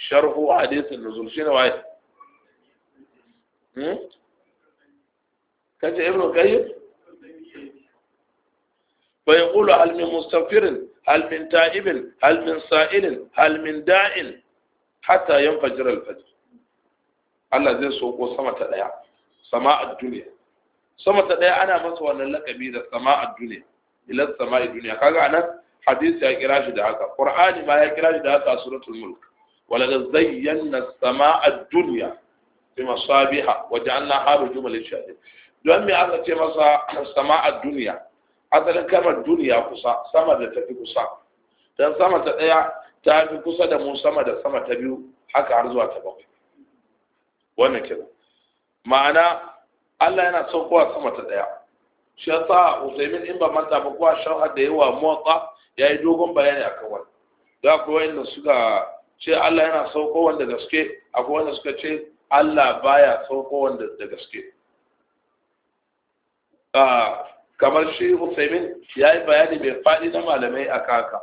sharhu hadisul nuzul shine waye hmm kaje ibnu qayyim فيقول هل من مستغفر هل من Ta'ibin, هل من سائل هل من داع hatta yanfajir fajir alfajir Allah zai soko sama ta daya a duniya sama ta daya ana masa wannan lakabi da sama a duniya ila a duniya kaga anan hadisi ya kira shi da haka qur'ani ma ya kira shi da haka suratul mulk wala zayyana sama'ad dunya bi masabiha waja'alna harujumal lishadid don me aka ce masa a duniya asalin kamar duniya kusa sama da tafi kusa dan sama ta daya ta fi kusa da mu sama da sama ta biyu haka har zuwa ta bakwai wannan kira ma'ana Allah yana kowa sama ta daya shi yasa Usaimin in ba manta ba kowa shawar da yawa motsa ya yi dogon bayani a kan wani da ku wanda suka ce Allah yana sauko wanda gaske akwai wanda suka ce Allah baya sauko wanda da gaske ah, kamar shi Usaimin ya yi bayani mai faɗi na malamai a kaka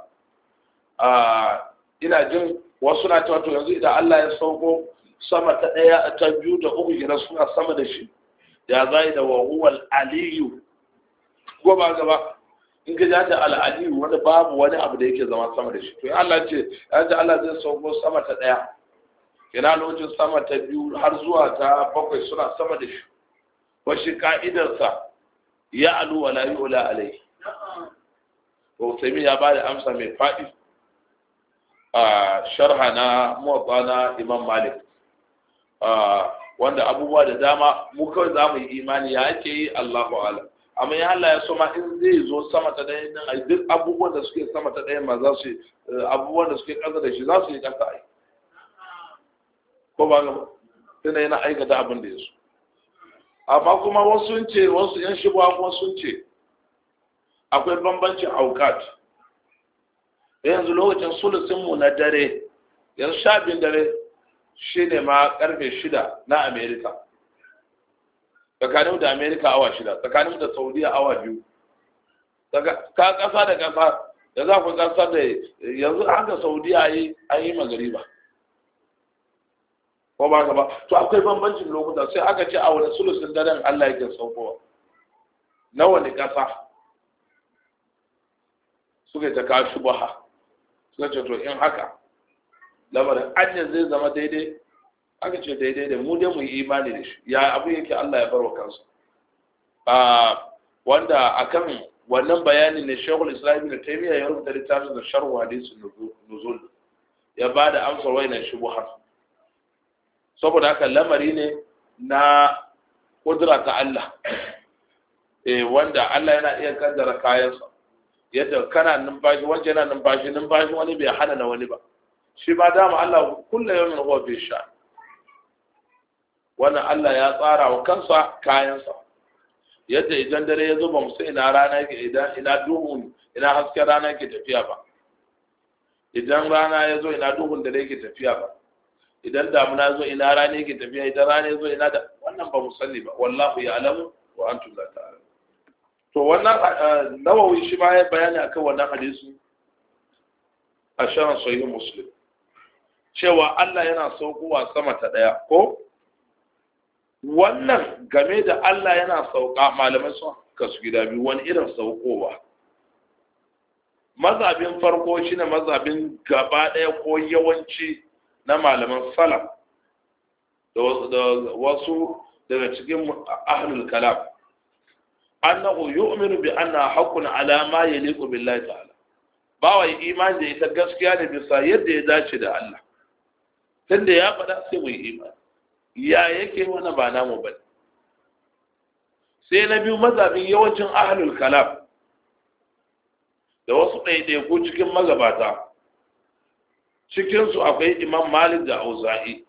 ina jin wasu na cewa to yanzu idan Allah ya sauko sama ta ɗaya ta biyu da uku gina suna sama da shi ya zai da wahuwal aliyu ko ba gaba in ka ja ta al'aliyu wani babu wani abu da yake zama sama da shi to Allah ce ya ji Allah zai sauko sama ta ɗaya ina lokacin sama ta biyu har zuwa ta bakwai suna sama da shi washi ka'idarsa ya alu wa la yu'la alai to sai ya bada amsa mai faɗi sharhana na na imam malik wanda abubuwa da dama mu kawai za mu yi imani ya ake yi allahu ala amma ya Allah ya so ma in zai zo sama ta ɗaya nan a duk abubuwan da suke sama ta ɗaya ma za su eh, abubuwan da suke ƙasa da shi za su yi ƙasa yi ko ba gaba tunda yana aikata abin da ya so amma kuma wasu sun ce wasu yan shigowa kuma sun ce akwai bambancin aukat yanzu lokacin mu na dare yanzu sha biyun dare shi ne ma karfe shida na amerika tsakaninmu da amerika awa shida tsakaninmu da saudiya awa biyu ka kasa da kasa da za ku kasa da yanzu haka saudiya yi an yi ba ko ba ba to akwai bambancin lokuta sai aka ce a wani sulusin daren allah yake saukowa na wani kasa suka ta kashi baha suka ce to in haka lamarin anya zai zama daidai aka ce daidai da mu dai mu yi imani da shi ya abu yake Allah ya barwa kansa wanda akan wannan bayani ne shekul islam ibn taymiya ya rubuta littafin da sharh hadith nuzul ya ba da amsar wayannan shubuhat saboda haka lamari ne na kudura ta Allah eh, wanda Allah yana iya kaddara kayansa yadda kana numfashi wance yana numfashi numfashi wani bai hana na wani ba shi ba dama Allah kullum yawan ruwa bai sha wannan Allah ya tsara wa kansa kayansa yadda idan dare ya zo ba musu ina rana yake idan ina duhun ina hasken rana yake tafiya ba idan rana ya zo ina duhun dare yake tafiya ba idan damuna zo ina rana yake tafiya idan rana ya zo ina da wannan ba musalli ba wallahu ya wa antum la ta'lamun to wannan eh, nawawi shi ma ya bayani akan wannan hadisi a shan sahihu muslim cewa Allah yana saukowa sama ta daya ko wannan game da Allah yana sauka malamai sun kasu gida biyu wani irin saukowa mazabin farko shine mazabin gaba daya ko yawanci na malaman salaf da wasu daga cikin ahlul kalam annahu yu'minu bi anna haqqun ala ma yaliqu billahi ta'ala bawa imani da ita gaskiya ne bisa yadda ya dace da Allah tunda ya faɗa sai mu yi imani ya yake wani ba namu bane sai na biyu mazabin yawancin ahlul kalam da wasu ɗaiɗaiku cikin magabata cikinsu akwai imam malik da auza'i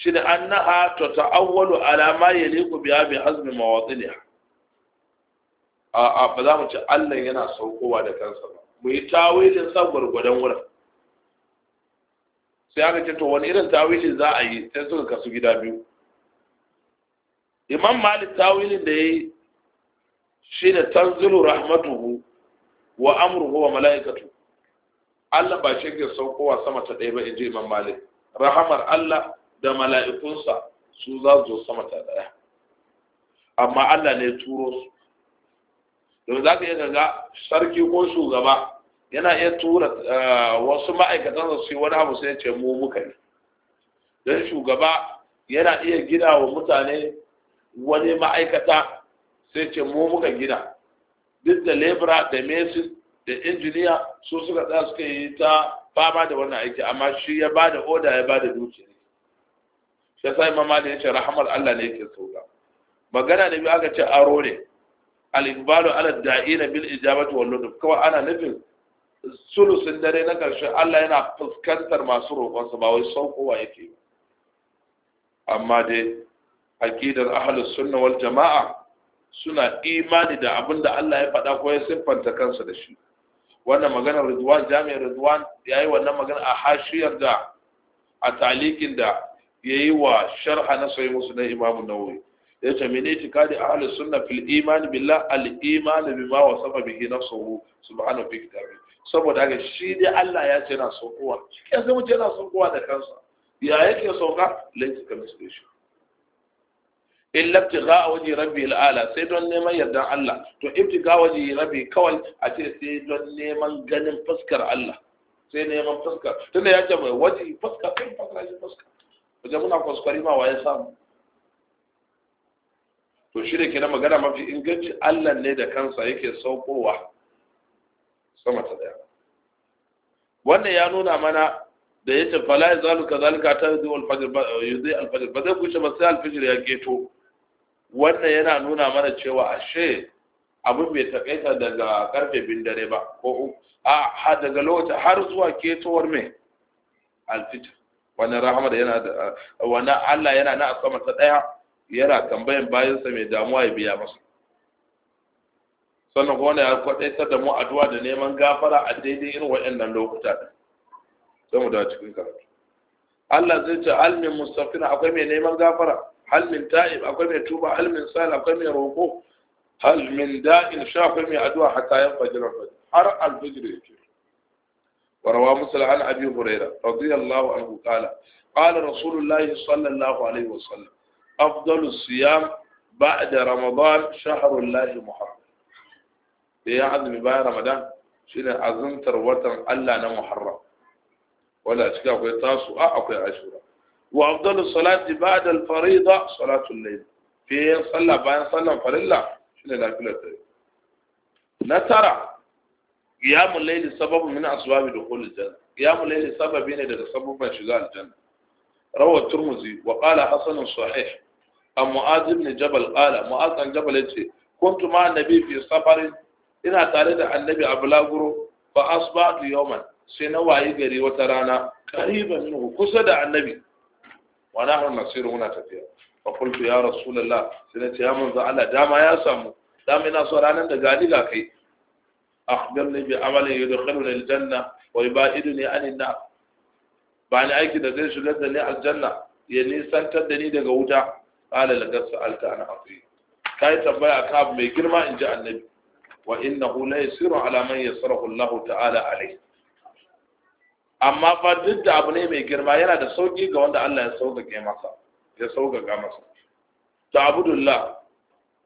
shi da annaha ta ta'awwalu alama ya liku bi azmi mawatsiliya a ba za mu ci Allah yana saukowa da kansa ba mu yi tawilin sa gwargwadon wurin sai aka ce to wani irin tawilin za a yi sai suka kasu gida biyu imam malik tawilin da ya yi shi ne tanzilu rahmatuhu wa amruhu wa mala'ikatu Allah ba shi ke saukowa sama ta ɗaya ba in ji imam malik rahamar Allah da mala'ikunsa su za su sama ta ɗaya amma Allah ne turo su domin za ka iya ga sarki ko shugaba yana iya tura eh, wasu ma'aikatan su yi wani abu sai ce mu muka ne don shugaba yana iya gina wa mutane wani ma'aikata sai ce mu muka gina duk da lebura da mesis da injiniya su suka tsaya suka yi ta fama da wannan aiki amma shi ya ba da oda ya ba da dukiya shi ya sa ya ce rahamar allah ne yake sauka magana da biyu aka ce aro ne al ala da'ina bil ijabati wal luduf kawai ana nufin sulusin dare na karshe Allah yana fuskantar masu roƙon sa ba wai saukowa yake ba amma dai aqidar ahlus sunna wal jama'a suna imani da abinda Allah ya faɗa ko ya siffanta kansa da shi wannan maganar Ridwan Jami'ar Ridwan yayi wannan magana a hashiyar da a talikin da yayi wa sharha na sai musu na Imam Nawawi ya ce mene itikadi ahli sunna fil iman billah al iman bima wasafa bihi nafsuhu subhanahu fi kitabi saboda haka shi dai Allah ya ce yana saukowa shi ke sai mutum yana saukowa da kansa ya yake sauka laifin kamar su shi in labtiga a waje rabbi al'ala sai don neman yardan Allah to ibtiga waje rabbi kawai a ce sai don neman ganin fuskar Allah sai neman fuskar tunda ya ce mai waje fuskar kai fuskar shi fuskar Wajen muna kwaskwari ma waye samu to shi da ke na magana mafi inganci allah ne da kansa yake saukowa sama ta daya wannan ya nuna mana da ya ce fala ya zalu ka zalika ta eh, yuzi alfajir ba zai kushe ba sai alfajir ya geto wannan yana nuna mana cewa ashe abin bai takaita daga karfe bin dare ba ko a daga lokacin har zuwa ketowar mai alfijir wannan rahama da yana da eh, wannan allah yana na sama ta daya yana tambayan bayansa mai damuwa ya biya masa sannan kuma ya ta da mu addu'a da neman gafara a daidai irin waɗannan lokuta da sai mu da cikin karatu Allah zai ce almin mustafina akwai mai neman gafara halmin ta'ib akwai mai tuba halmin sal akwai mai roko halmin da'in sha akwai mai addu'a hatta yan fajira har alfajir yake وروى مسلم عن ابي هريره رضي الله عنه qala قال رسول الله صلى الله أفضل الصيام بعد رمضان شهر الله محرم ليه عظم بعد رمضان شين عظم وطن ألا أنا محرم ولا أشكال في تاسو أكوي آه، عشرة وأفضل الصلاة بعد الفريضة صلاة الليل في صلى بعد صلى فريضة شين لا كل نترى قيام الليل سبب من أسباب دخول الجنة قيام الليل سبب من سبب من شغال الجنة روى الترمذي وقال حسن صحيح a mu'azin ne jabal ƙala mu'azin jabal ya ce, kuntu ma annabi fi safarin ina tare da annabi a bulaguro ba asbahtu yawman sai na wayi gari wata rana ƙariban nuhu kusa da annabi wa hannun nasiru muna tafiya ba qultu ya lalla. sai na ce ya za Allah dama ya samu dama ina so ranar da gadi ga kai ne bi amalin yudkhiluni aljanna wa yubaiduni anin nar ba ni aiki da zai shigar da ni aljanna ya nisantar da ni daga wuta qala laqad sa'alta ana afi kai tambaya ka mai girma in ji annabi wa innahu la yasiru ala man yasrahu Allah ta'ala alayhi amma fa duk abu ne mai girma yana da sauki ga wanda Allah ya sauƙaƙe masa ya sauƙaƙa masa ta'budullah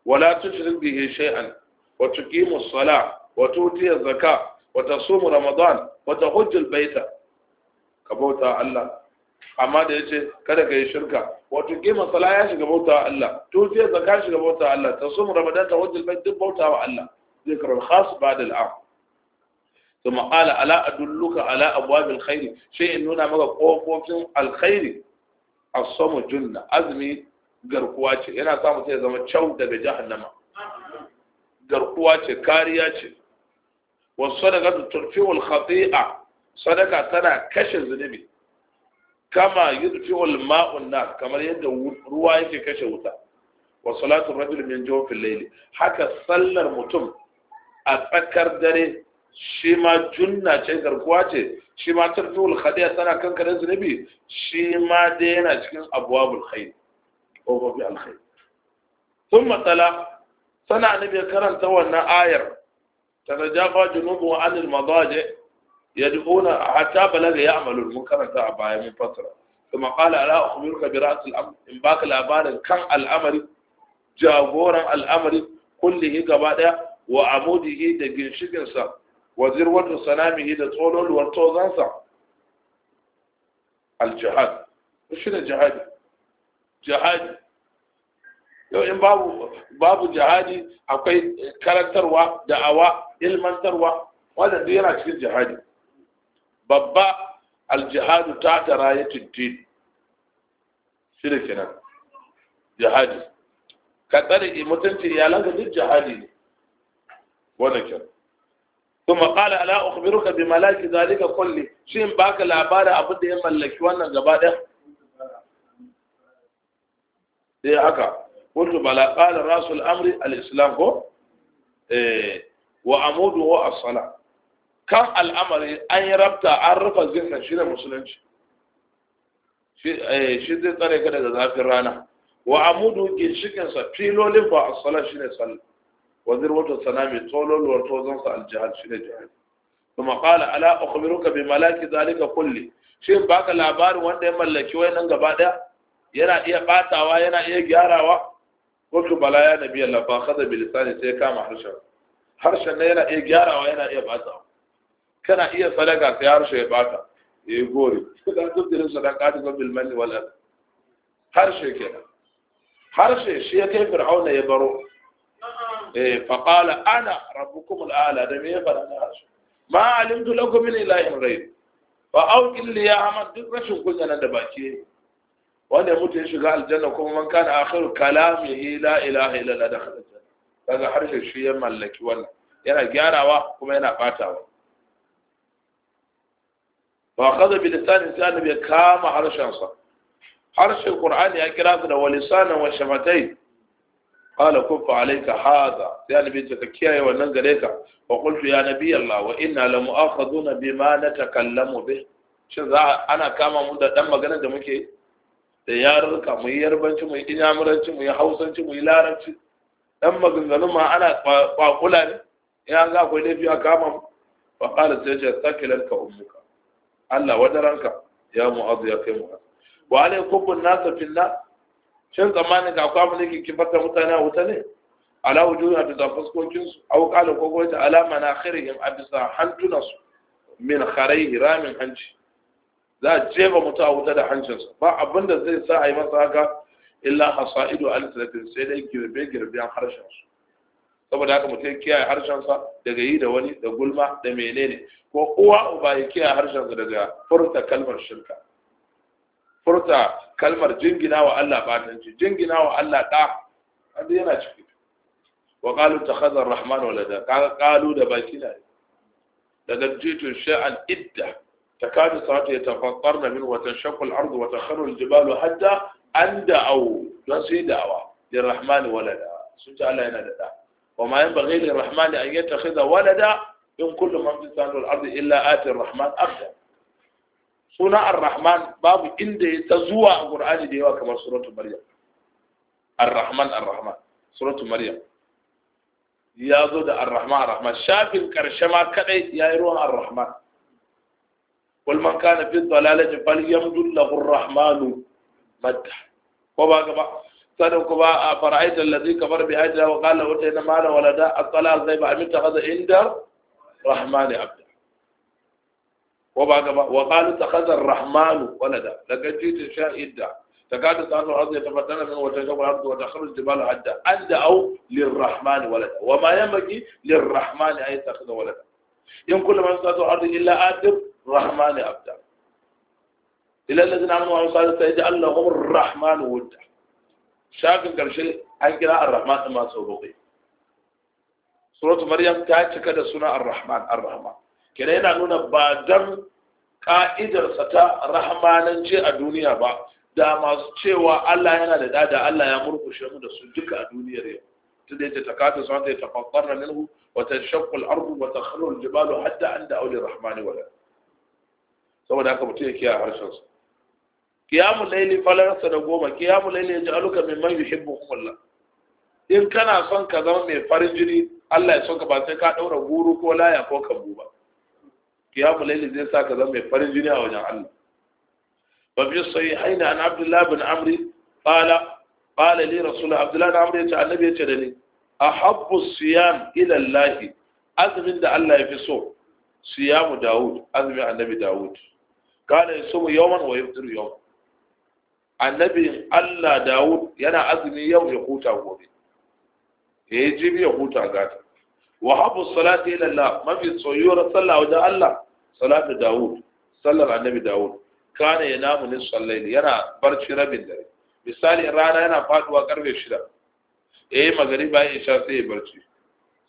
wala tushrik bihi shay'an wa tuqimu as-salah wa tuti az-zakah wa tasumu ramadan wa hujjar baita. ka bauta Allah amma da yace kada ka yi shirka wato kima sala ya shiga bauta Allah to sai zaka shiga bauta Allah ta sumu ramadan ta wajil bai duk bauta wa Allah zikrul khas ba'da al'am ثم قال ala ادلك على ابواب الخير شيء nuna maka kofofin alkhairi as-samu junna azmi garkuwa ce yana sa mutum ya zama cau daga jahannama garkuwa ce kariya ce wasu sadaka ta turfi wal khati'a sadaka tana kashe zunubi kama yudfi'ul ma'un nar kamar yadda ruwa yake kashe wuta wa salatu rajul min jawfil layl haka sallar mutum a tsakar dare shi ma junna ce garkuwa ce shi ma tarfiul khadiya tana kanka da zunubi shi ma dai yana cikin abwabul khair ko bi al khair thumma tala sana annabi karanta wannan ayar tanajafa junubu anil madaji يدعون حتى بلغ يعمل المنكر تاع بايا من فترة ثم قال ألا أخبرك برأس الأمر إن باك الأبار كان الأمر جاغورا الأمر كله قبادا وعموده دقين شكنسا وزير ود صنامه دطولول والتوزنسا الجهاد وشنا جهاد جهاد yau in باب babu jihadi akwai karantarwa da'awa ilmantarwa wannan duk yana cikin jihadi babba aljihadu ta tara ya titi shi da kenan jihadi ka tsare mutunci ya lagadin jihadi ne wani kyan kuma kala ala ukubiru ka bi malaki zalika kulli shi in ba ka labari abin da ya mallaki wannan gaba ɗaya sai eh, haka kuntu bala kala rasul amri Alislam ko eh, wa amudu wa Asala. kan al'amari an yi rabta an rufa zihna shi ne musulunci eh, shi zai tsare ka daga zafin rana wa amudu ginshikinsa filolin ba a tsala shi ne tsalla wata zirwatar mai tsololuwar tozonsa aljihar shi ne jihar kuma kala ala ka bi malaki zalika kulli shin baka labarin wanda ya mallaki nan gaba daya yana iya batawa yana iya gyarawa wato bala ya nabi Allah ba kada bilisani sai kama harshen harshen ne yana iya gyarawa yana iya batawa kana iya sadaka sai harshe ya bata ya yi gori. gore kuka tubdirin sadaka ta gwabin mani walar harshe kenan harshe shi ya kai fir'auna ya baro eh faqala ana rabbukum al'ala da me ya fara da harshe ma alimtu lakum min ilahin ghayr fa awqil li ya hamad duk rashin kunya nan da baki wanda ya mutu ya shiga aljanna kuma man kana akhiru kalamihi la ilaha illa allah dakhala aljanna kaga harshe shi ya mallaki wannan yana gyarawa kuma yana batawa fa kaza bi lisanin sai annabi ya kama harshensa harshen qur'ani ya kira su da walisanan wa shafatai qala kuffa alayka hadha sai annabi ya ka kiyaye wannan gare ka wa qultu ya nabi allah wa inna la mu'akhaduna bima natakallamu bih shin za ana kama mu da dan maganar da muke da yarurruka mu yi yarbanci mu yi inyamuranci mu yi hausanci mu yi larabci dan maganganu ma ana kwakula ne in an ga akwai laifi a kama mu fa qala sai ya sakilan ka ummuka Allah wadaranka ya mu'azu ya kai mu'azu wa alai kubbun nasa finna shin tsammanin ga akwai abin da kifarta mutane a wuta ne ala wujuhi a bisa fuskokin su au qala ko ko alama na khairihim a bisa hantuna su min kharaihi ramin hanci za a jefa mutu a wuta da hancinsa ba abin da zai sa a yi masa haka illa hasa'idu alisatin sai dai girbe girben harshen su saboda haka mutum ya kiyaye harshensa daga yi da wani da gulma da menene ko uwa uba ya kiyaye harshensa daga furta kalmar shirka furta kalmar jingina wa Allah batanci jingina wa Allah da wanda yana ciki wa qalu takhadha ar-rahman walada kaga qalu da baki na daga jitu sha'an idda takadu sa'atu yatafattarna min wa tanshaqu al-ardu wa takharu al-jibalu hatta anda aw dan sai da'awa lirrahman walada sun ta Allah yana da da wa ma yanbaghi lir rahman an yattakhidha walada in kullu man fi sanul ardi illa ati rahman abda suna ar-rahman babu inda ya ta zuwa a qur'ani da yawa kamar suratul maryam ar-rahman ar-rahman suratul maryam ya zo da ar-rahman ar-rahman shafin karshe ma kadai yayi ruwan ar-rahman wal man kana rahmanu ko ba gaba كانوا كبا فرأيت الذي كفر بهذا وقال له أنت ما له ولدا الطلاق زي ما عملت هذا عند الرحمن عبد وقال اتخذ الرحمن ولدا لقد جيت إن شاهدا فكاد تعرف الارض يتفتن من وتجوع الارض وتخرج الجبال عدا عند او للرحمن ولدا وما ينبغي للرحمن ان يتخذ ولدا يوم كل ما اتخذ الارض الا آدم الرحمن عبدا الا الذين امنوا وعملوا الصالحات فيجعل لهم الرحمن ولدا shafin karshe an kira ar-rahman din masu rubai suratul maryam ta cika da suna ar-rahman ar-rahman kenan yana nuna ba dan ka'idarsa ta rahmanance a duniya ba da masu cewa Allah yana da dada Allah ya murkushe mu da su duka a duniyar yau tunda yace takatu sun ta tafakkar minhu wa tashaqqu wata shakul wa wata al-jibalu hatta anda aure rahmani wala saboda haka mutum yake a harshen su. qiyamul layli falarsa da goma qiyamul layli yaj'aluka mimman yuhibbuhum kulla in kana son ka zama mai farin jini Allah ya son ka ba sai ka daura guru ko laya ko kabu ba qiyamul layli zai sa ka zama mai farin jini a wajen Allah wa bi sahihain an Abdullah bin Amr qala qala li rasul Abdullah bin Amr yace annabi yace da ni ahabbu siyam ila Allah azmin da Allah ya fi so siyamu Dawud azmin annabi Dawud kana yasumu yawman wa yuftiru yawman annabin Allah Dawud yana azumi yau ya huta gobe ya yi jibi ya huta gata wa habu salati ila Allah mafi tsoyuwar sallah wajen Allah salatu Dawud sallar annabi Dawud kana ya namu Sallai. sallaili yana barci rabin dare misali rana yana faduwa karfe shida ya yi magari bayan isha sai ya barci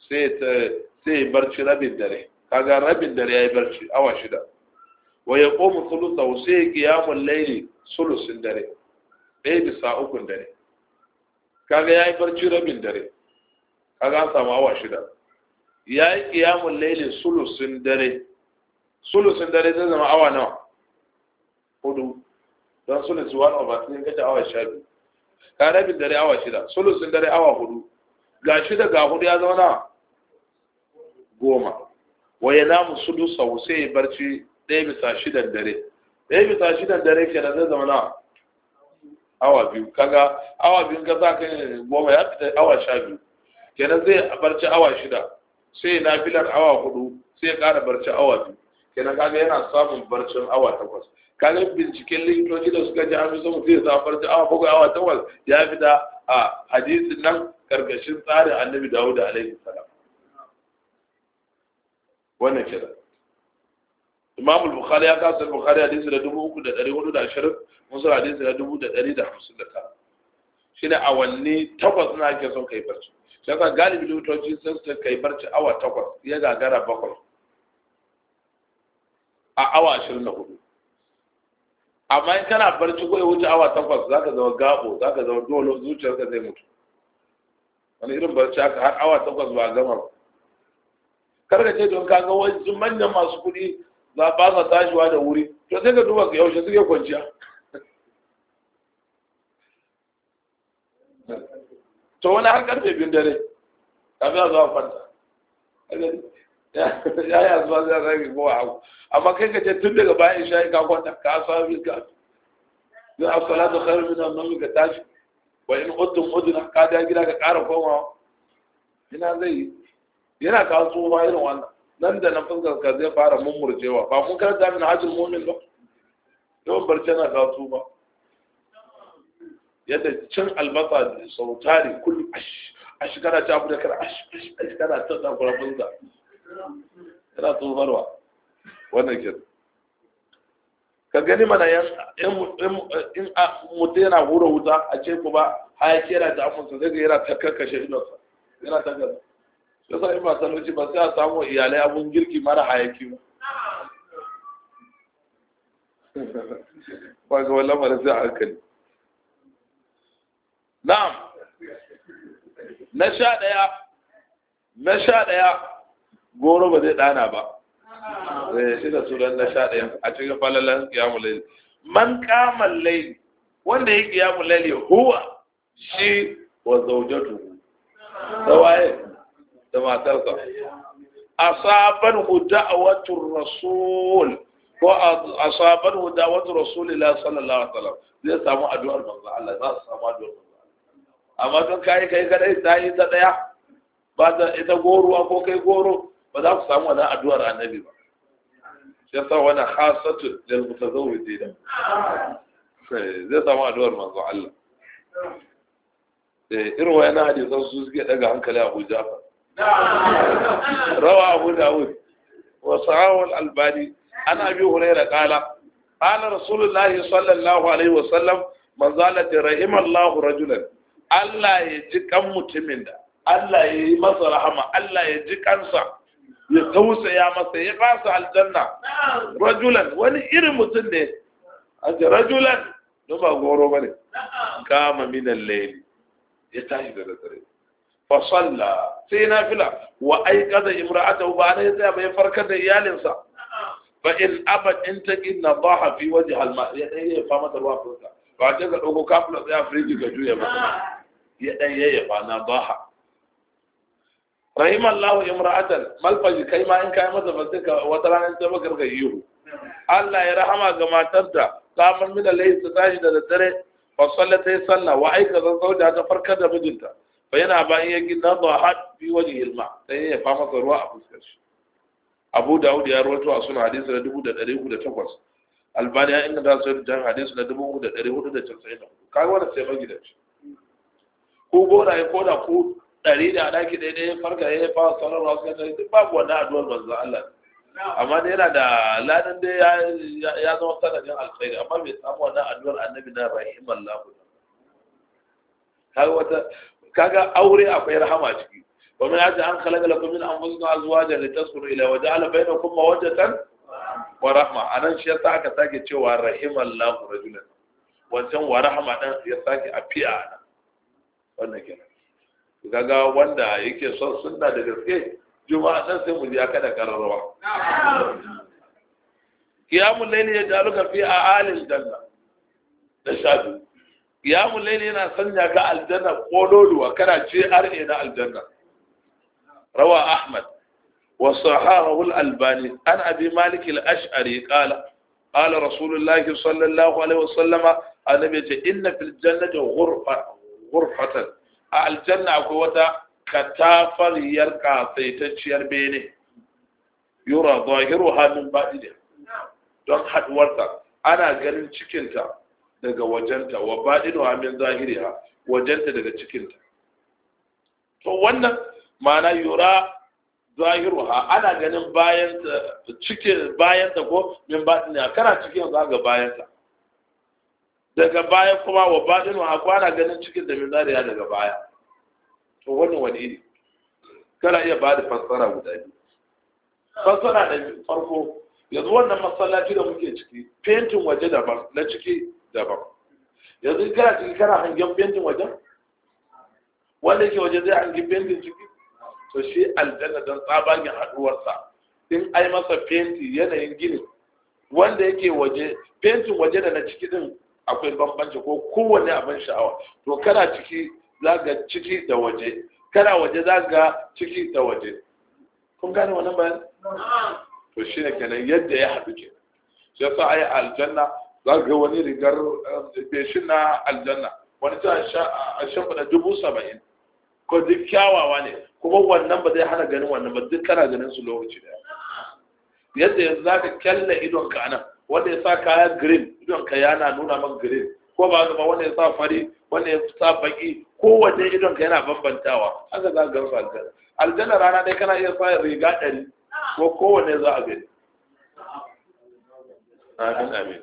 sai ya barci rabin dare kaga rabin dare ya yi barci awa shida wa ya komu sulusa sai ya kiyamun laili sulusin dare ɗaya bisa ukun dare kaga ya yi barci rabin dare kaga an samu awa shida ya yi ƙiyamun lailin sulusin dare sulusun dare zai zama awa nawa hudu don sulusun wani ba three gaji awa sha biyu ka rabin dare awa shida sulusun dare awa hudu ga shida ga hudu ya zama nawa goma waye namu sulusa wuse ya barci ɗaya bisa shidan dare ɗaya bisa shidan dare kenan zai zama nawa awa biyu kaga awa biyu ka ka kai goma ya fita awa sha biyu kenan zai barci awa shida sai na filar awa hudu sai ya kara barci awa biyu kenan kaga yana samun barcin awa takwas kaga binciken likitoci da suka ji an fi samu zai samu barci awa bakwai awa takwas ya fita a hadisin nan karkashin tsarin annabi dawuda alaihi salam wannan kenan imam al-bukhari ya kasa al-bukhari hadisi da 3420 musul hadisi da 1159 shine awanni takwas na ake son kai barci daga galibi lutoci sun san kai barci awa takwas ya gagara bakwai a awa ashirin na hudu amma in kana barci ko ya wuce awa takwas za ka zama gabo za ka zama dole zuciyarka zai mutu wani irin barci haka har awa takwas ba a gama ba kar ka ce don ka ga wajen manyan masu kuɗi za ba sa tashiwa da wuri to sai ka duba ka yaushe suke kwanciya to wani har karfe biyun dare kafin a zuwa fanta ya yi azuwa zai rage kowa abu amma kai ka ce tun daga bayan shayi ka kwanta ka sami ka yin asalatu khairu min an-nawm ka tashi wa in udtum udna ka da gida ka kara komawa ina zai yana kawo tsoba wannan nan da na fuskar ka zai fara mummurcewa ba mun karanta min hajjin mummin ba yawan barci na kawo ba yadda cin albasa da sautari kullum a shekara ta abu da kara a shekara ta takura fuska yana tsofarwa wannan ke ka gani mana yan in mutu yana hura wuta a ce ku ba hayaki yana damunsa zai ga yana ta karkashe idonsa yana ta shi sa in ba talauci ba sai a samu iyalai abun girki mara hayaki ba ba ga wani mara sai a hankali na'am na sha ɗaya na sha ɗaya goro ba zai ɗana ba zai eh, shi da sunan na sha ɗaya a cikin falalan kiyamu laili man kamar laili wanda ya kiyamu laili huwa shi wa zaujatu Sawaye, تما تلقى أصابنه دعوة الرسول وأصابنه دعوة الرسول إلى صلى الله عليه وسلم ليه سامع أدوار الله لا سامع أدوار الله أما كان كاي كاي كذا إذا إذا تيا بعد إذا غورو أبو كي غورو بعد سامع لا أدوار النبي ما جالس وأنا خاصة للمتزوجين ليه سامع أدوار الله إيه إروه أنا هذي صوص جيت أجا عن كلام أبو جعفر روى أبو داود وصحاه الألباني عن أبي هريرة قال قال رسول الله صلى الله عليه وسلم من ظالت رحم الله رجلا Allah ya ji kan mutumin Allah ya yi masa rahama Allah ya ji kansa ya tausaya ya kasa aljanna rajulan wani irin mutum ne a ce rajulan don ba goro ya tashi da dare فصلى في نافلة وأيقظ امرأته بعد ذلك يفركت إيالنسا فإن أبد إن تجد نضاحة في وجه الماء يأيي فما تلوها فرقا فأنت أقول كافلة يا فريدك جوية يأيي فانا ضاحة رحم الله امرأة ما الفجر كي ما إن كان متفتك وطلان انت بكر كيوه الله يرحمة كما تبدأ قامل من الليل ستاجد للدري فصلت هي صلى وأيقظ الزوجة تفركت بجلتها fa yana ba in yake na har bi wani ilma sai ya fa masa ruwa a fuskar shi Abu daud ya rawaito a sunan hadisi na 1308 Albani ya inda da sai da hadisi na 1494 kai wannan sai bar da shi ko goraye ya koda ko ɗari da daki dai dai farka ya fara sanarwa suka ta duk babu wannan addu'ar manzo Allah amma da yana da ladan dai ya zama sanadin alkhairi amma bai samu wannan addu'ar annabi na rahimallahu Allah ba wata kaga aure akwai rahama ciki wa min hadha an khalaqa lakum min anfusikum azwajan litaskunu ila wa ja'ala bainakum mawaddatan wa rahma anan shi yasa aka sake cewa rahimallahu rajulan wancan wa rahama dan ya sake afiya wannan kenan kaga wanda yake son sunna da gaske juma'a san sai mu ji aka da kararrawa qiyamul layli yaj'aluka fi a'alil janna da shafi qiyamul layli yana sanya ka aljanna kololuwa kana ce na aljanna rawa ahmad wa sahahu al-albani an abi malik al-ash'ari qala qala rasulullahi sallallahu alaihi wasallama annabi ce inna fil jannati ghurfa ghurfatan a aljanna akwai wata katafariyar kasaitacciyar bene yura zahiruha min baɗi don haɗuwarta ana ganin cikinta daga wajenta wa baɗinu amin zahiriya wajenta daga cikinta to wannan ma'ana yura zahiru ha ana ganin bayan cike bayan ta ko min a kana cikin yanzu ga bayan ta daga baya kuma wa baɗinu wa ko ana ganin cikin da min zahiriya daga baya to wannan wani iri kana iya ba da fassara guda biyu fassara da farko yanzu wannan masallaci da muke ciki fentin waje daban na ciki daban yanzu kana ciki kana hangen fentin wajen wanda ke waje zai hangen fentin ciki to shi aljanna don tsabagen haduwarsa in ai masa fenti yanayin ginin wanda yake waje fentin waje da na ciki din akwai bambanci ko kowane abin sha'awa to kana ciki za ga ciki da waje kana waje za ga ciki da waje kun gane wannan bayan to shi ne kenan yadda ya haɗu ke shi yasa ai aljanna za ga wani rigar um, beshin na aljanna wani ta a shafa na dubu saba'in ko duk kyawawa ne kuma wannan ba zai hana ganin wannan ba duk kana ganin su lokaci daya yadda yanzu za ka kyalle idon ka nan wanda ya sa kaya green ka yana nuna man green ko ba ba wanda ya sa fari wanda ya sa baki kowanne ka yana bambantawa haka za ka gan su aljanna aljanna rana dai kana iya sa riga ɗari ko kowanne za a gani amin amin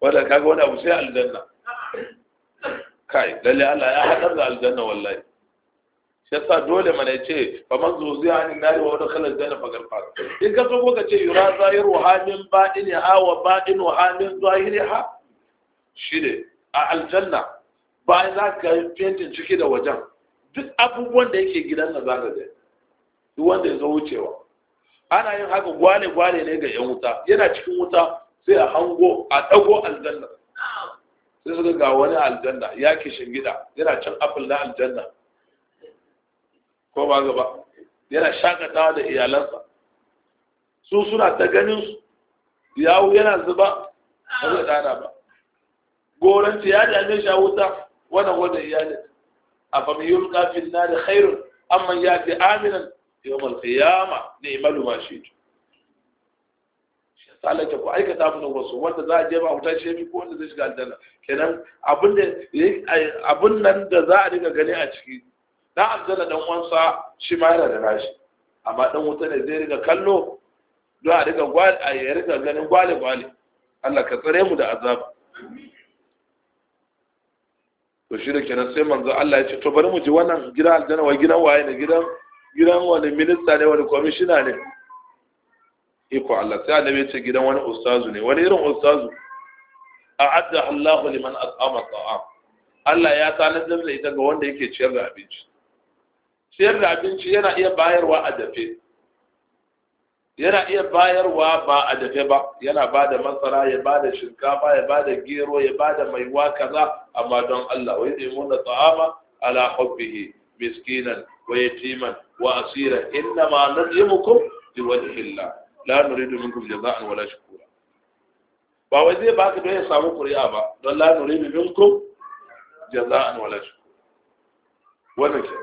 wadda kaga wani abu sai aljanna kai lalle Allah ya hadar da aljanna wallahi shi yasa dole mana ce fa man ani na yi wa dakhala aljanna fa gal fat in ka so ko ka ce yura wa hamin ba'in ha wa ba'in wa hamin zahir ha ne, a aljanna bayan za ka fentin ciki da wajen duk abubuwan da yake gidan na zaka je duk wanda ya zo wucewa ana yin haka gwale-gwale ne ga 'yan wuta yana cikin wuta sai a hango a dago aljanna sai suka ga wani aljanna ya ke gida yana cin apple na aljanna ko ba gaba yana shakatawa da iyalansa su suna ta ganin su yawo yana zuba ba zai dana ba goranci ya dame shi a wuta wannan wannan iyalin a famiyul kafin na da khairun amman ya fi aminan yawon alkiyama ne malu ma shi ta ku aikata mu wasu wanda za a je ba wuta shemi ko wanda zai shiga aljanna kenan abin da abin nan da za a riga gani a ciki dan aljanna dan uwansa shi ma yana da nashi amma dan wuta ne zai riga kallo don a riga gwal a ya riga ganin gwale gwale Allah ka tsare mu da azaba to shi da kenan sai manzo Allah ya ce to bari mu ji wannan gidan aljanna wa gidan waye ne gidan gidan wani minista ne wani kwamishina ne iko Allah sai annabi ce gidan wani ustazu ne wani irin ustazu adda Allahu liman at'ama ta'am Allah ya tanadar da ita ga wanda yake ciyar da abinci ciyar da abinci yana iya bayarwa a dafe yana iya bayarwa ba a dafe ba yana ba da masara ya ba da shinkafa ya ba da gero ya ba da maiwa kaza amma don Allah wai zai muna ta'ama ala hubbihi miskinan wa yatiman wa asira inna ma nadhimukum bi Allah la nuridu minkum jazaa'an wala shukura ba wai zai baka don ya samu kuri'a ba don la nuridu minkum jazaa'an wala shukura wannan ke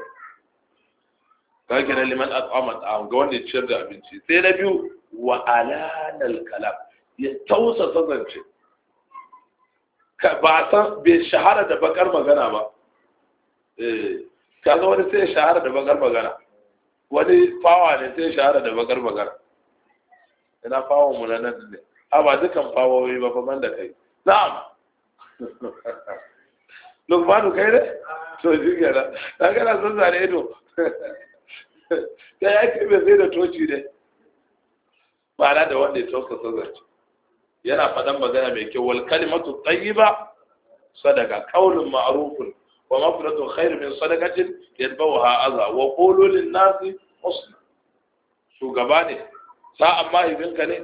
ta na liman at'ama ta'am ga wanda ya ciyar da abinci sai na biyu wa alanal kalam ya tausa zance ba san bai shahara da bakar magana ba eh, Ka ga wani sai shahara da bakar magana wani fawa ne sai shahara da bakar magana ina fawon mu na nan ne a ba dukan fawowi ba fa da kai na'am du kai ne to da. Da dan kana son zare ido ya yake be sai da toci ne ba na da wanda ya tosa sazarci yana faɗan magana mai kyau wal kalimatu tayyiba sadaka qaulun ma'rufun wa mafratu khairun min sadaqatin yatbawha adha wa qulu lin nasi usna shugaba ne Sa amma mahaifinka ne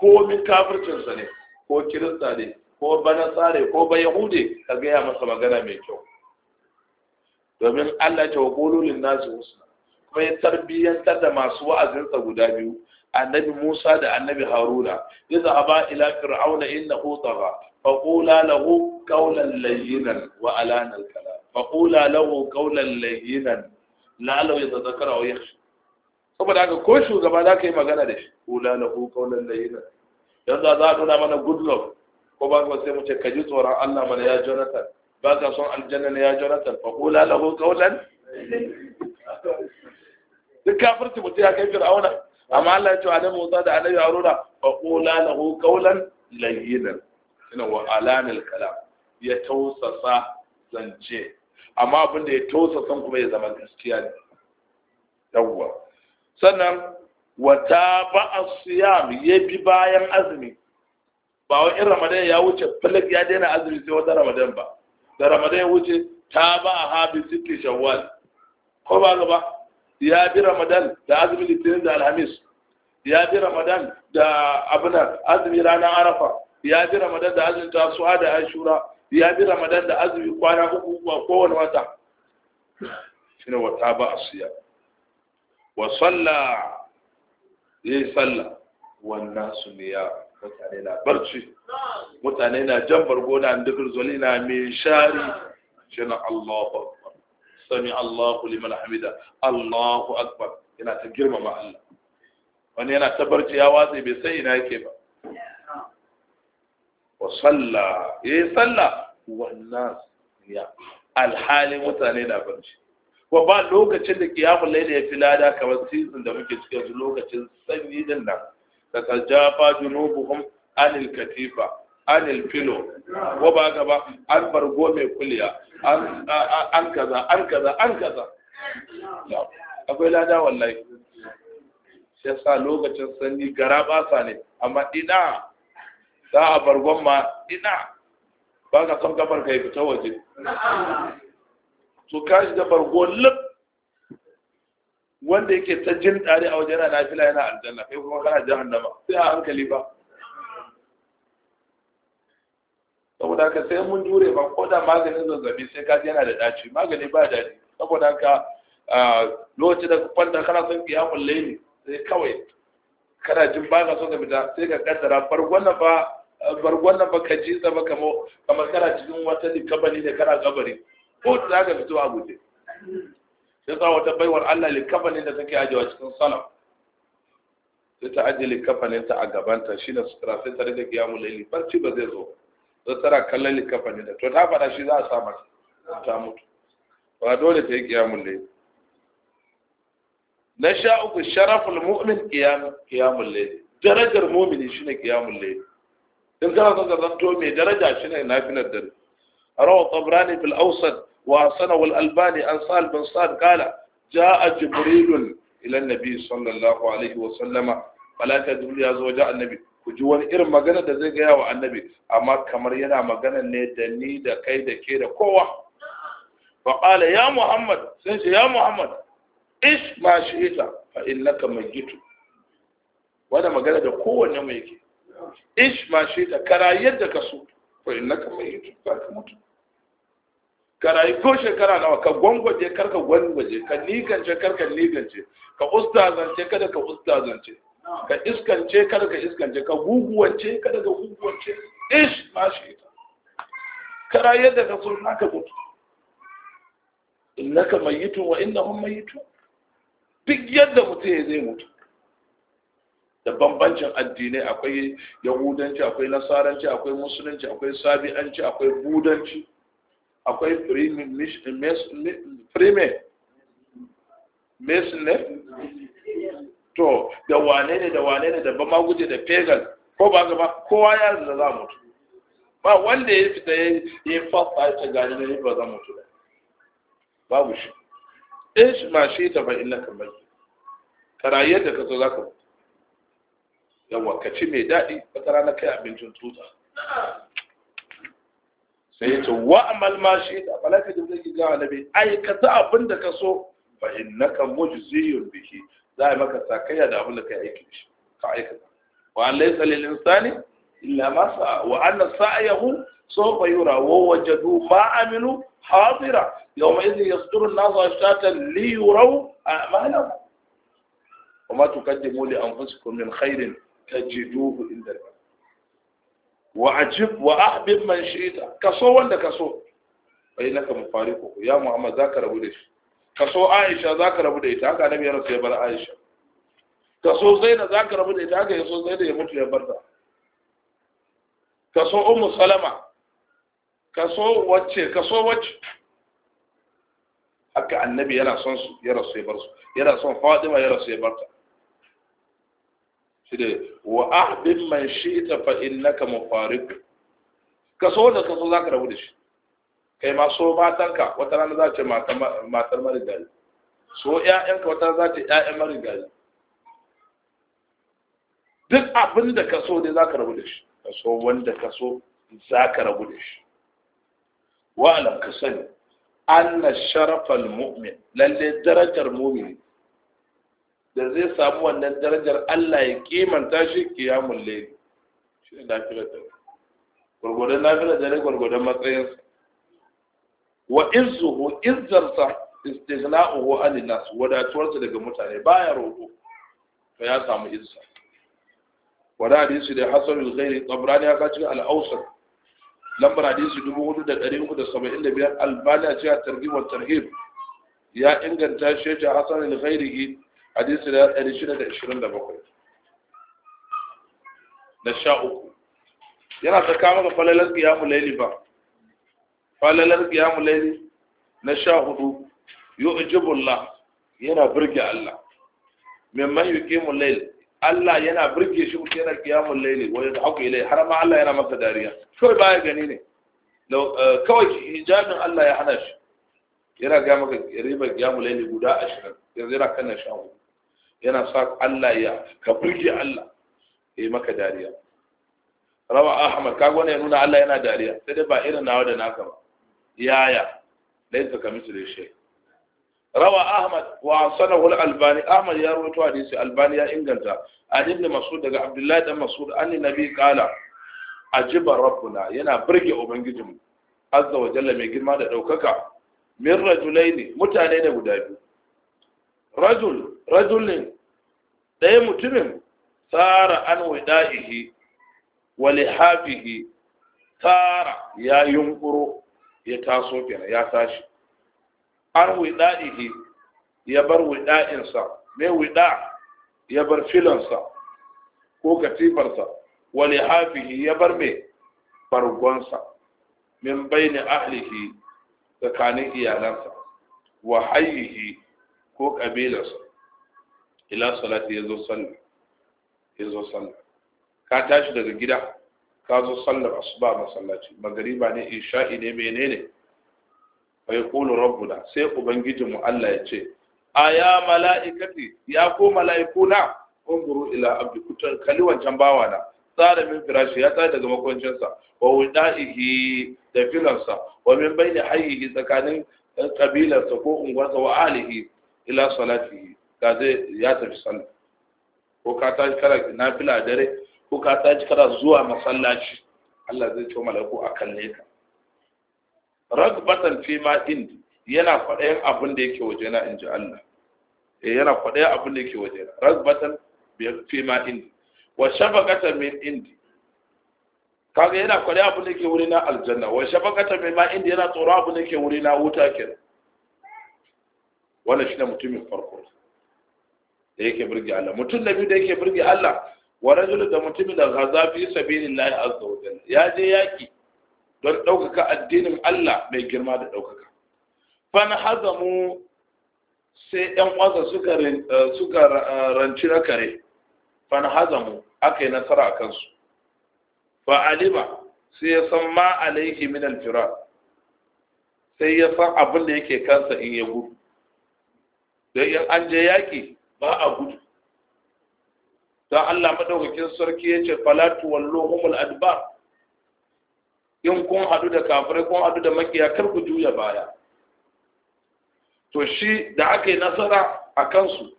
ko min kafircinsa ne ko kirista ne ko bana tsare ko ba yahude ka gaya masa magana mai kyau domin Allah ta wa lin nasu husna kuma ya tarbiyyantar da masu wa'azinsa guda biyu annabi Musa da annabi Haruna a aba ila fir'auna innahu tagha faqula lahu qawlan layyinan wa alana al-kalam faqula lahu qawlan layyinan la'allahu yatadhakkara wa yakhsha saboda haka ko shugaba za ka yi magana da shi kula na ku kaunar layina yanzu za a nuna mana good luck ko ba ka sai mu ce ka ji tsoron Allah mana ya Jonathan ba ka son aljanna na ya Jonathan Ba kula na ku kaunar duk kafirci mutu ya kai fir'auna amma Allah ya ce wa nabi Musa da a Haruna Ba kula na ku kaunar layina ina wa alamil kala ya tausasa zance amma abin da ya tausasa kuma ya zama gaskiya ne yawwa sannan wata ba'a siyam ya bi bayan azumi ba in ramadan ya wuce falak ya daina azumi sai wata ramadan ba da ramadan ya wuce ta ba a habi sitti shawwal ko ba gaba ya bi ramadan da azumi litinin da alhamis ya bi ramadan da abunan azumi ranar arafa ya bi ramadan da azumi suwa da ashura ya bi ramadan da azumi kwana uku kowane wata ne wata ba a siyam wa salla yayi salla wannan su ne ya mutane na barci mutane na jan bargo da dukkan zoli na mai shari shine Allahu akbar sami Allahu liman hamida Allahu akbar yana ta girmama Allah wani yana ta barci ya watsi bai sai ina yake ba wa salla yayi salla wannan ya alhalin mutane na barci ko ba lokacin da kiyamul layli ya fi lada kamar season da muke cikin su lokacin sanyi din nan tatajafa junubuhum anil katifa anil filo ko ba gaba an bargo mai kuliya an kaza an kaza an kaza akwai lada wallahi shi sa lokacin sanyi gara basa ne amma ina za a bargon ma ina ba ka son gabar ka yi fita waje su kashi da bargo lab wanda yake ta jin dare a wajen na fila yana aljanna kai kuma kana jahannama sai a hankali ba saboda haka sai mun jure ba ko da maganin zazzabi sai ka yana da daci magani ba daci saboda haka lokacin da kwanta kana son kiyamun ni sai kawai kana jin ba ka so ka fita sai ka kaddara farkon na fa farkon na fa ka ji tsaba ba kamar kana cikin wata likabani da kana gabari kotu za ka fito a guje sai sa wata baiwar Allah likafanin da take ajiyewa cikin sanam sai ta ajiye likafanin ta a gabanta shi na sutura sai ta rika mu laili barci ba zai zo sai tara kallon likafanin da to ta faɗa shi za a sa mata ta mutu ba dole ta yi mu laili na sha uku sharafin mu'min kiyamun laili darajar mumini shine kiyamun laili in kana son ka zanto mai daraja shine nafilar dare روى الطبراني في الأوسط وحسنه الألباني عن سهل بن سعد قال جاء جبريل إلى النبي صلى الله عليه وسلم فلا تدري يا زوجة النبي ku ji wani irin magana da zai gaya wa annabi amma kamar yana magana ne da ni da kai da ke da kowa faƙala ya muhammad sun ce ya muhammad ish ma shi ita fa innaka magitu wanda magana da kowanne mai ke ish ma shi ita kara yadda ka so fa innaka magitu ba ka mutu ka ko shekara nawa ka gwangwaje kar ka gwangwaje ka ligance kar ka ligance ka ustazance kada ka ustazance ka iskance kada ka iskance ka guguwance kada ka guguwance ish ma shi ka rayu yadda ka so naka mutu innaka mayitu wa innahum mayitu duk yadda mutum ya zai mutu da bambancin addinai akwai yahudanci akwai nasaranci akwai musulunci akwai sabi'anci akwai budanci akwai prime mesin ne to da wane ne da wane ne da ba ma guje da pegal? ko ba gaba kowa ya da za mutu ba wanda ya fita ya yi ya ta gani ne ba za mutu ba babu shi in shi ma shi ta bai illa kamar Karayyar da ka za ka yawa ka ci mai daɗi tara na kai abincin tuta sai ya ce wa amal ma shi da falaka da zai ga alabi aikata abin da ka so fa innaka mujziyun bihi za a maka sakaya da abin da kai aiki shi ka aikata wa an laysa lil insani illa ma sa'a wa anna sa'yahu sawfa yura wa wajadu ma amilu hadira yawma idhi yasduru an-nasu ashtatan li yuraw a'malahum وما تقدموا لأنفسكم من خير تجدوه inda الله wa ajib wa ahbib man shi'ita kaso wanda kaso bai naka mufariku ya muhammad zaka rabu da shi kaso aisha zaka rabu da ita haka nabi ya rasu ya bar aisha kaso zaina zaka rabu da ita haka yaso zaina ya mutu ya bar ta kaso ummu salama kaso wacce kaso wacce haka annabi yana son su ya rasu ya bar su yana son fatima ya rasu ya bar ta shi wa ahdin man shi'ta fa innaka mufariq ka so da ka zaka rabu da shi kai ma so matanka wata rana za ce matar marigari. so ƴaƴanka wata rana za 'ya'yan ƴaƴan marigali duk abin da ka so dai za ka rabu da shi ka so wanda ka so za ka rabu da shi wa'alam ka sani anna sharafal mu'min lalle darajar mu'min da zai samu wannan darajar Allah ya kimanta shi kiyamun lai shi ne nafilar da gurgudan nafilar da ne gurgudan matsayinsa wa izzuhu izzarsa istighna'uhu anin nas wadatuwarsa daga mutane baya roƙo to ya samu izza Wani hadisi da hasan al-ghairi tabrani ya cikin al-awsat lambar hadisi da biyar ya ce targhib wa tarhib ya inganta shi ta hasan al-ghairi hadisi da 627 da sha uku yana ta kama ga falalar kiyamu laili ba falalar kiyamu laili na sha hudu yu'jibullah yana birge Allah yi yuqimu laili Allah yana birge shi kuke yana kiyamu laili da haku ilai har ma Allah yana masa dariya kawai baya gani ne eh, kawai hijabin Allah ya hana shi yana ga ribar kiyamu laili guda 20 yanzu yana kan sha hudu yana sa Allah ya ka burge Allah ya yi maka dariya rawa ahmad kaga wani ya nuna Allah yana dariya sai dai ba irin nawa da naka ba yaya laifin ka misli shay rawa ahmad wa sanahu al-albani ahmad ya rawaito hadisi albani ya inganta an ibn mas'ud daga abdullahi dan mas'ud anni nabi qala ajiba rabbuna yana burge ubangijinmu azza wa jalla mai girma da daukaka min rajulaini mutane ne guda biyu rajul rajulin ɗaya mutumin tsara an wada'ihi wa lihafihi tsara ya yunkuro ya taso kenan ya tashi an wada'ihi ya bar wada'insa mai wada ya bar filansa ko katifarsa wa lihafihi ya bar mai bargonsa min ni ahlihi tsakanin iyalansa wa hayihi ko kabilarsa ila salati ya zo yazo salli ka tashi daga gida ka zo sallar asuba masallaci magariba ne isha'i ne menene fa yaqulu rabbuna sai ubangijinmu Allah ya ce aya mala'ikati ya ko mala'ikuna unguru ila abdi kutan kali wancan na tsara min firashi ya tsaya daga sa wa wuda'ihi da filansa wa min bayni hayyihi tsakanin kabilarsa ko unguwarsa wa alihi ila salatihi ga zai ya tafi sallah ko ka kala na fila dare ko ka ji kana zuwa masallaci Allah zai ce malaku a kalle ka ragbatan fi ma indi yana kwaɗayin abin da yake waje na inji Allah eh yana kwaɗayin abin da yake waje rag batan fi ma indi wa shafaqatan min indi kaga yana kwaɗayin abin da yake wuri na aljanna wa shafaqatan min ma indi yana tsoro abin da yake wuri na wuta kenan wannan shine mutumin farko da yake burge Allah mutum da biyu da yake burge Allah wa rajul da mutum da gaza fi sabilillahi azza wa jalla ya je yaki don ɗaukaka addinin Allah mai girma da ɗaukaka fan hazamu sai ɗan wasa suka eh, suka eh, ranci na kare fan hazamu aka yi nasara a kansu fa aliba sai ya san ma alaihi min alfira sai ya san abin da yake kansa in ya gudu da in an je yaki ba a gudu don Allah madaukakin sarki ya ce falatu wallo humul adbar in kun hadu da kafirai kun hadu da makiya kar ku juya baya to shi da aka yi nasara a kansu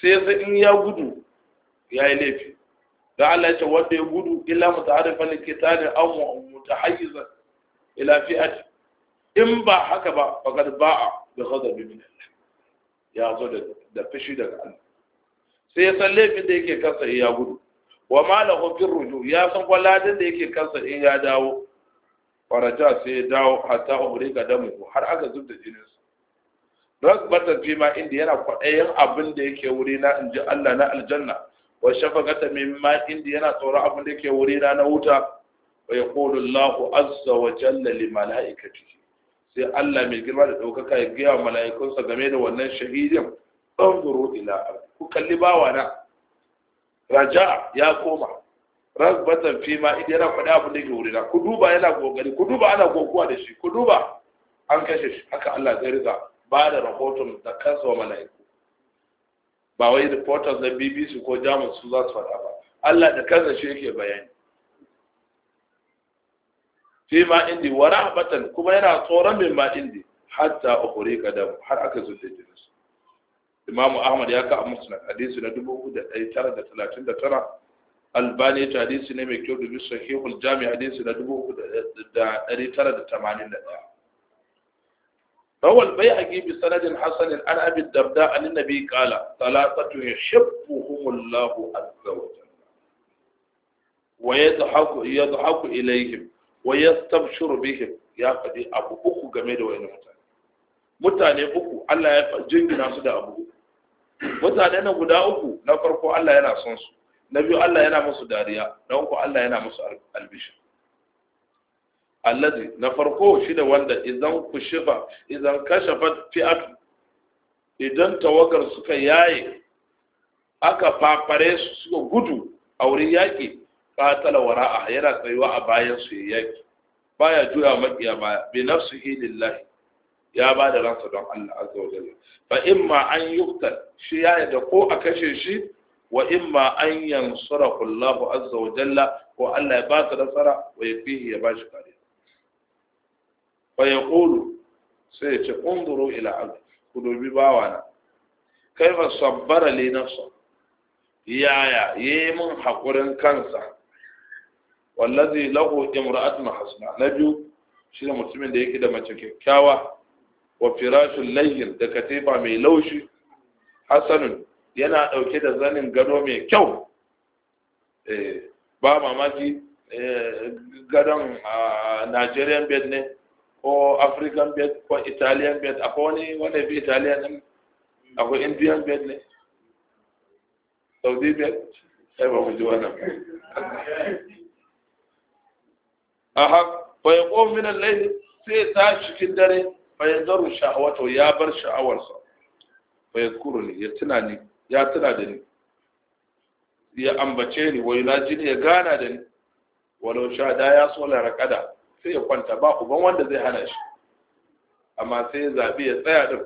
sai ya in ya gudu ya yi laifi don Allah ya ce wanda ya gudu illa muta'arifan kitabi aw mutahayyizan ila fi'ati in ba haka ba faqad ba'a bi ghadabi min Allah ya zo da da fishi daga Allah sai ya san laifin da yake kansa in ya gudu wa ma lahu ruju ya san kwaladin da yake kansa in ya dawo faraja sai ya dawo hatta ga damu har aka zubda jinin bata fi ma inda yana kwaɗayin abin da yake wuri na in Allah na aljanna wa shafaqata mimma inda yana tsoro abin da yake wuri na na wuta wa yaqulu Allahu azza wa jalla li malaikatihi sai Allah mai girma da daukaka ya ga malaikunsa game da wannan shahidin ɗanguru ila ku kalli wa nan. raja ya koma rasbatan fi ma idan yana faɗi abin da ke wurina ku duba yana gogari ku duba ana goguwa da shi ku duba an kashe shi haka Allah zai riga ba da rahoton da kansa wa mala'iku ba wai reporters na BBC ko Jamus su za su faɗa ba Allah da kansa shi yake bayani fi ma indi wa rahmatan kuma yana tsoron min ma indi hatta ukhriqa kadam har aka zuce jini imam ahmad ya ka a musnad hadisi na 1939 albani ta hadisi ne mai kyau dubi sahihul jami hadisi na 1981 rawal bai a gibi sanadin hasanin an abin dabda an nabi kala talatatu ya shabbu humullahu azza wa wa ya zahaku ilaihim wa ya stabshuru bihim ya faɗi abu uku game da wani mutane mutane uku Allah ya jingina su da abu uku mutane na guda uku na farko Allah yana son su na biyu Allah yana musu dariya na uku Allah yana musu albishi allazi na farko shi da wanda idan kushifa idan kashafa fi'atu idan tawagar suka yaye aka fafare su suka gudu a wurin yaki qatala wara'a yana tsayuwa a bayan su yaki baya juya maƙiya baya bi nafsihi lillahi ya ba da ransa don Allah azza wa jalla fa imma an yuqtal shi ya yadda ko a kashe shi wa imma an yansurahu Allah azza wa jalla ko Allah ya ba ka nasara wa yafihi ya ba shi kare fa yaqulu sai ya ce unduru ila abdi ku dubi bawana kaifa sabbara li ya yaya yi mun haƙurin kansa wallazi lahu imra'atun hasana na biyu shi ne mutumin da yake da mace kyakkyawa wa layin layyin da katifa mai laushi hasanun yana ɗauke da zanin gado mai kyau eh, ba mamaki eh, gadon a nigerian bed ne ko african bed ko italian bed a wani wanda fi italian ne akwai indian bed ne saudi bed sai ba ku ji wannan a haka yaqum min al sai ta cikin dare fa yanzaru sha'awata ya bar sha'awarsa fa ne ya tuna ni ya tuna da ni ya ambace ni wai na jini ya gana da ni walau sha da ya so la raqada sai ya kwanta ba ban wanda zai hana shi amma sai ya zabi ya tsaya din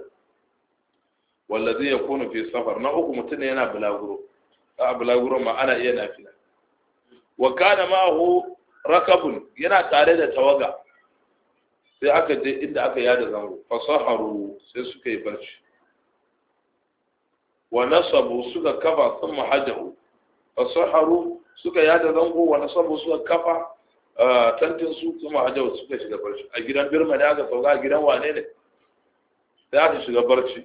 wallazi kunu fi safar na uku mutune yana bulaguro a bulaguro ma ana iya nafila wa kana hu rakabun yana tare da tawaga sai aka je inda aka yada zango fasaharu sai suka yi barci wa nasabu suka kafa sun mahajjahu fasaharu suka yada zango wa nasabu suka kafa uh, tantin su kuma hajjahu suka shiga barci a gidan birma ne aka sauka a gidan wane ne sai aka shiga barci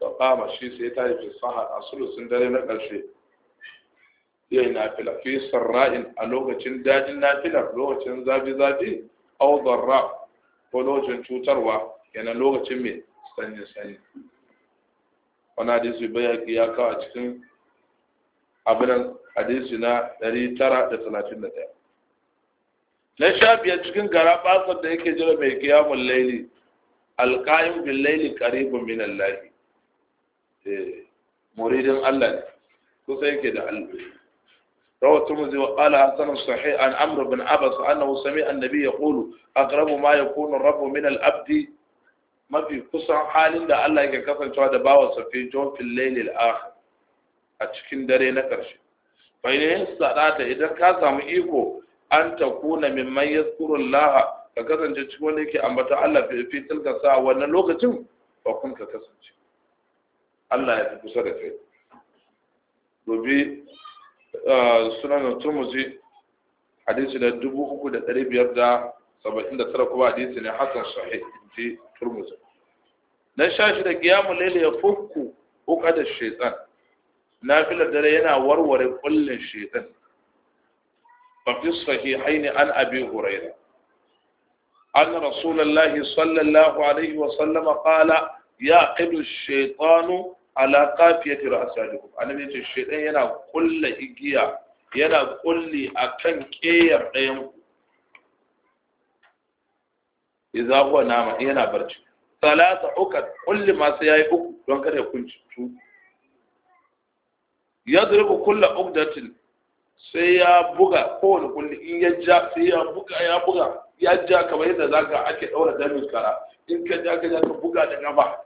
ta kama shi sai ta yi fasaha a sulusun dare na ƙarshe ya yi nafila fi sarra'in a lokacin dajin nafila lokacin zafi-zafi au zarra ko lokacin cutarwa yana lokacin mai sanyi sanyi wani hadisi bai haƙi ya kawo a cikin abinan hadisi na 931 na sha biyar cikin gara basar da yake jira mai kiyamun laili alƙayin bin laili karibin min allahi eh, muridin allah ne kusa yake da Allah. روى الترمذي وقال حسن صحيح عن عمرو بن عبس انه سمع النبي يقول اقرب ما يكون الرب من العبد mafi kusan halin da Allah yake kasancewa da bawa safi jon fil lailil a cikin dare na karshe fa ne sadata idan ka samu iko an takuna mimman yazkuru Allah ka kasance cikin wanda yake ambata Allah fi fi tilka sa wannan lokacin ba ka kasance Allah ya fi kusa da kai sunan turmuzi hadisi na tara kuma hadisi ne hassan sahi inji turmuzi na sha shi da giyamu lele ya fukku uka da shaitan na fila dare yana warware kullin shaitan bafi sahi haini an abi huraira An rasulallahi sallallahu alaihi wasallama kala ya قال يعقد ala qafiyati ra'salikum annabi ya ce shedan yana kulla igiya yana kulli akan keyar ɗayan ku idza huwa nama yana barci salatu ukat kulli ma sai yayi uku don kada kunci tu yadribu kulla ukdatin sai ya buga wani kulli in ya ja sai ya buga ya buga ya ja kamar yadda zaka ake daura damin kara in ka ja ka ja ka buga da gaba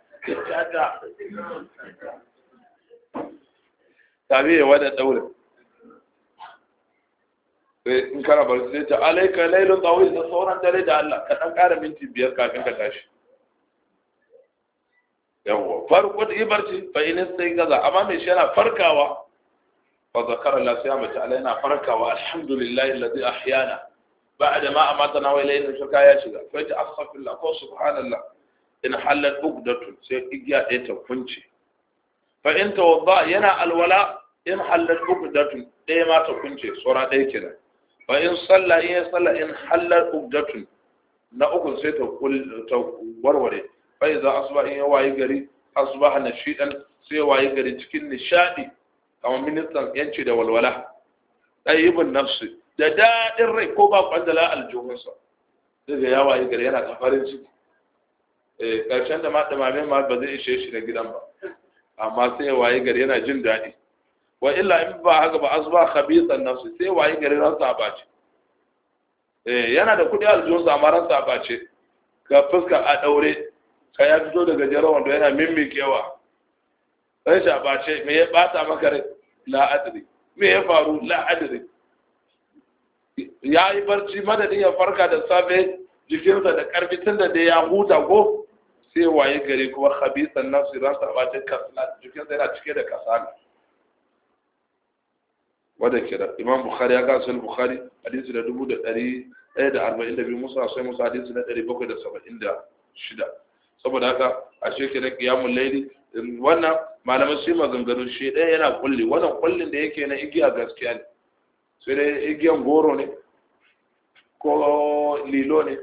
tabi ya wada daurin in kana bar sai ta alaika lailun tawil da sauran dare da Allah ka dan ƙara minti biyar kafin ka tashi yawwa farko da ibarci fa in sai gaza amma mai shi yana farkawa fa zakara la sai mace Allah yana farkawa alhamdulillahi alladhi ahyana ba'da ma amatana wa ilayhi shirka ya shiga fa ta astaghfirullah ko subhanallah in halal ugdatun sai igiya ɗaya ta kunce fa in tawadda yana alwala in halal ugdatun ɗaya ma ta kunce tsora ɗaya kenan fa in salla in ya salla in halal ugdatun na uku sai ta warware fa idza asuba in ya wayi gari shi ɗan, sai wayi gari cikin nishadi kamar ministan yanci da walwala ɗayyibin nafsi da daɗin rai ko ba kwandala aljihunsa daga ya wayi gari yana ta farin ciki Eh, karshen da ma ɗumamen ma ba zai ishe shi na gidan ba amma sai ya waye gari yana jin daɗi wa illa in ba haka ba asba khabisan nafsi sai waye gari ransa a bace eh, yana da kuɗi sa amma ransa a bace ga fuska a ɗaure ka ya fito daga jeron da yana mimmikewa sai shi a bace me ya ɓata maka rai la adri me ya faru la adri ya yi barci madadin ya farka da safe jikinsa da karfi tun da dai ya huta ko sai waye gari kuma khabisan nafsi ransa a bacin kasala jikinsa yana cike da kasala wada ke da imam bukhari ya gasu bukhari hadisi da dubu da dari daya da arba'in da biyu musa sai musa hadisi na dari bakwai da saba'in da shida saboda haka a shekara kiyamun laili wannan malamin shi maganganu shi ɗaya yana kulli wannan kullin da yake na igiya gaskiya ne sai dai igiyan goro ne ko lilo ne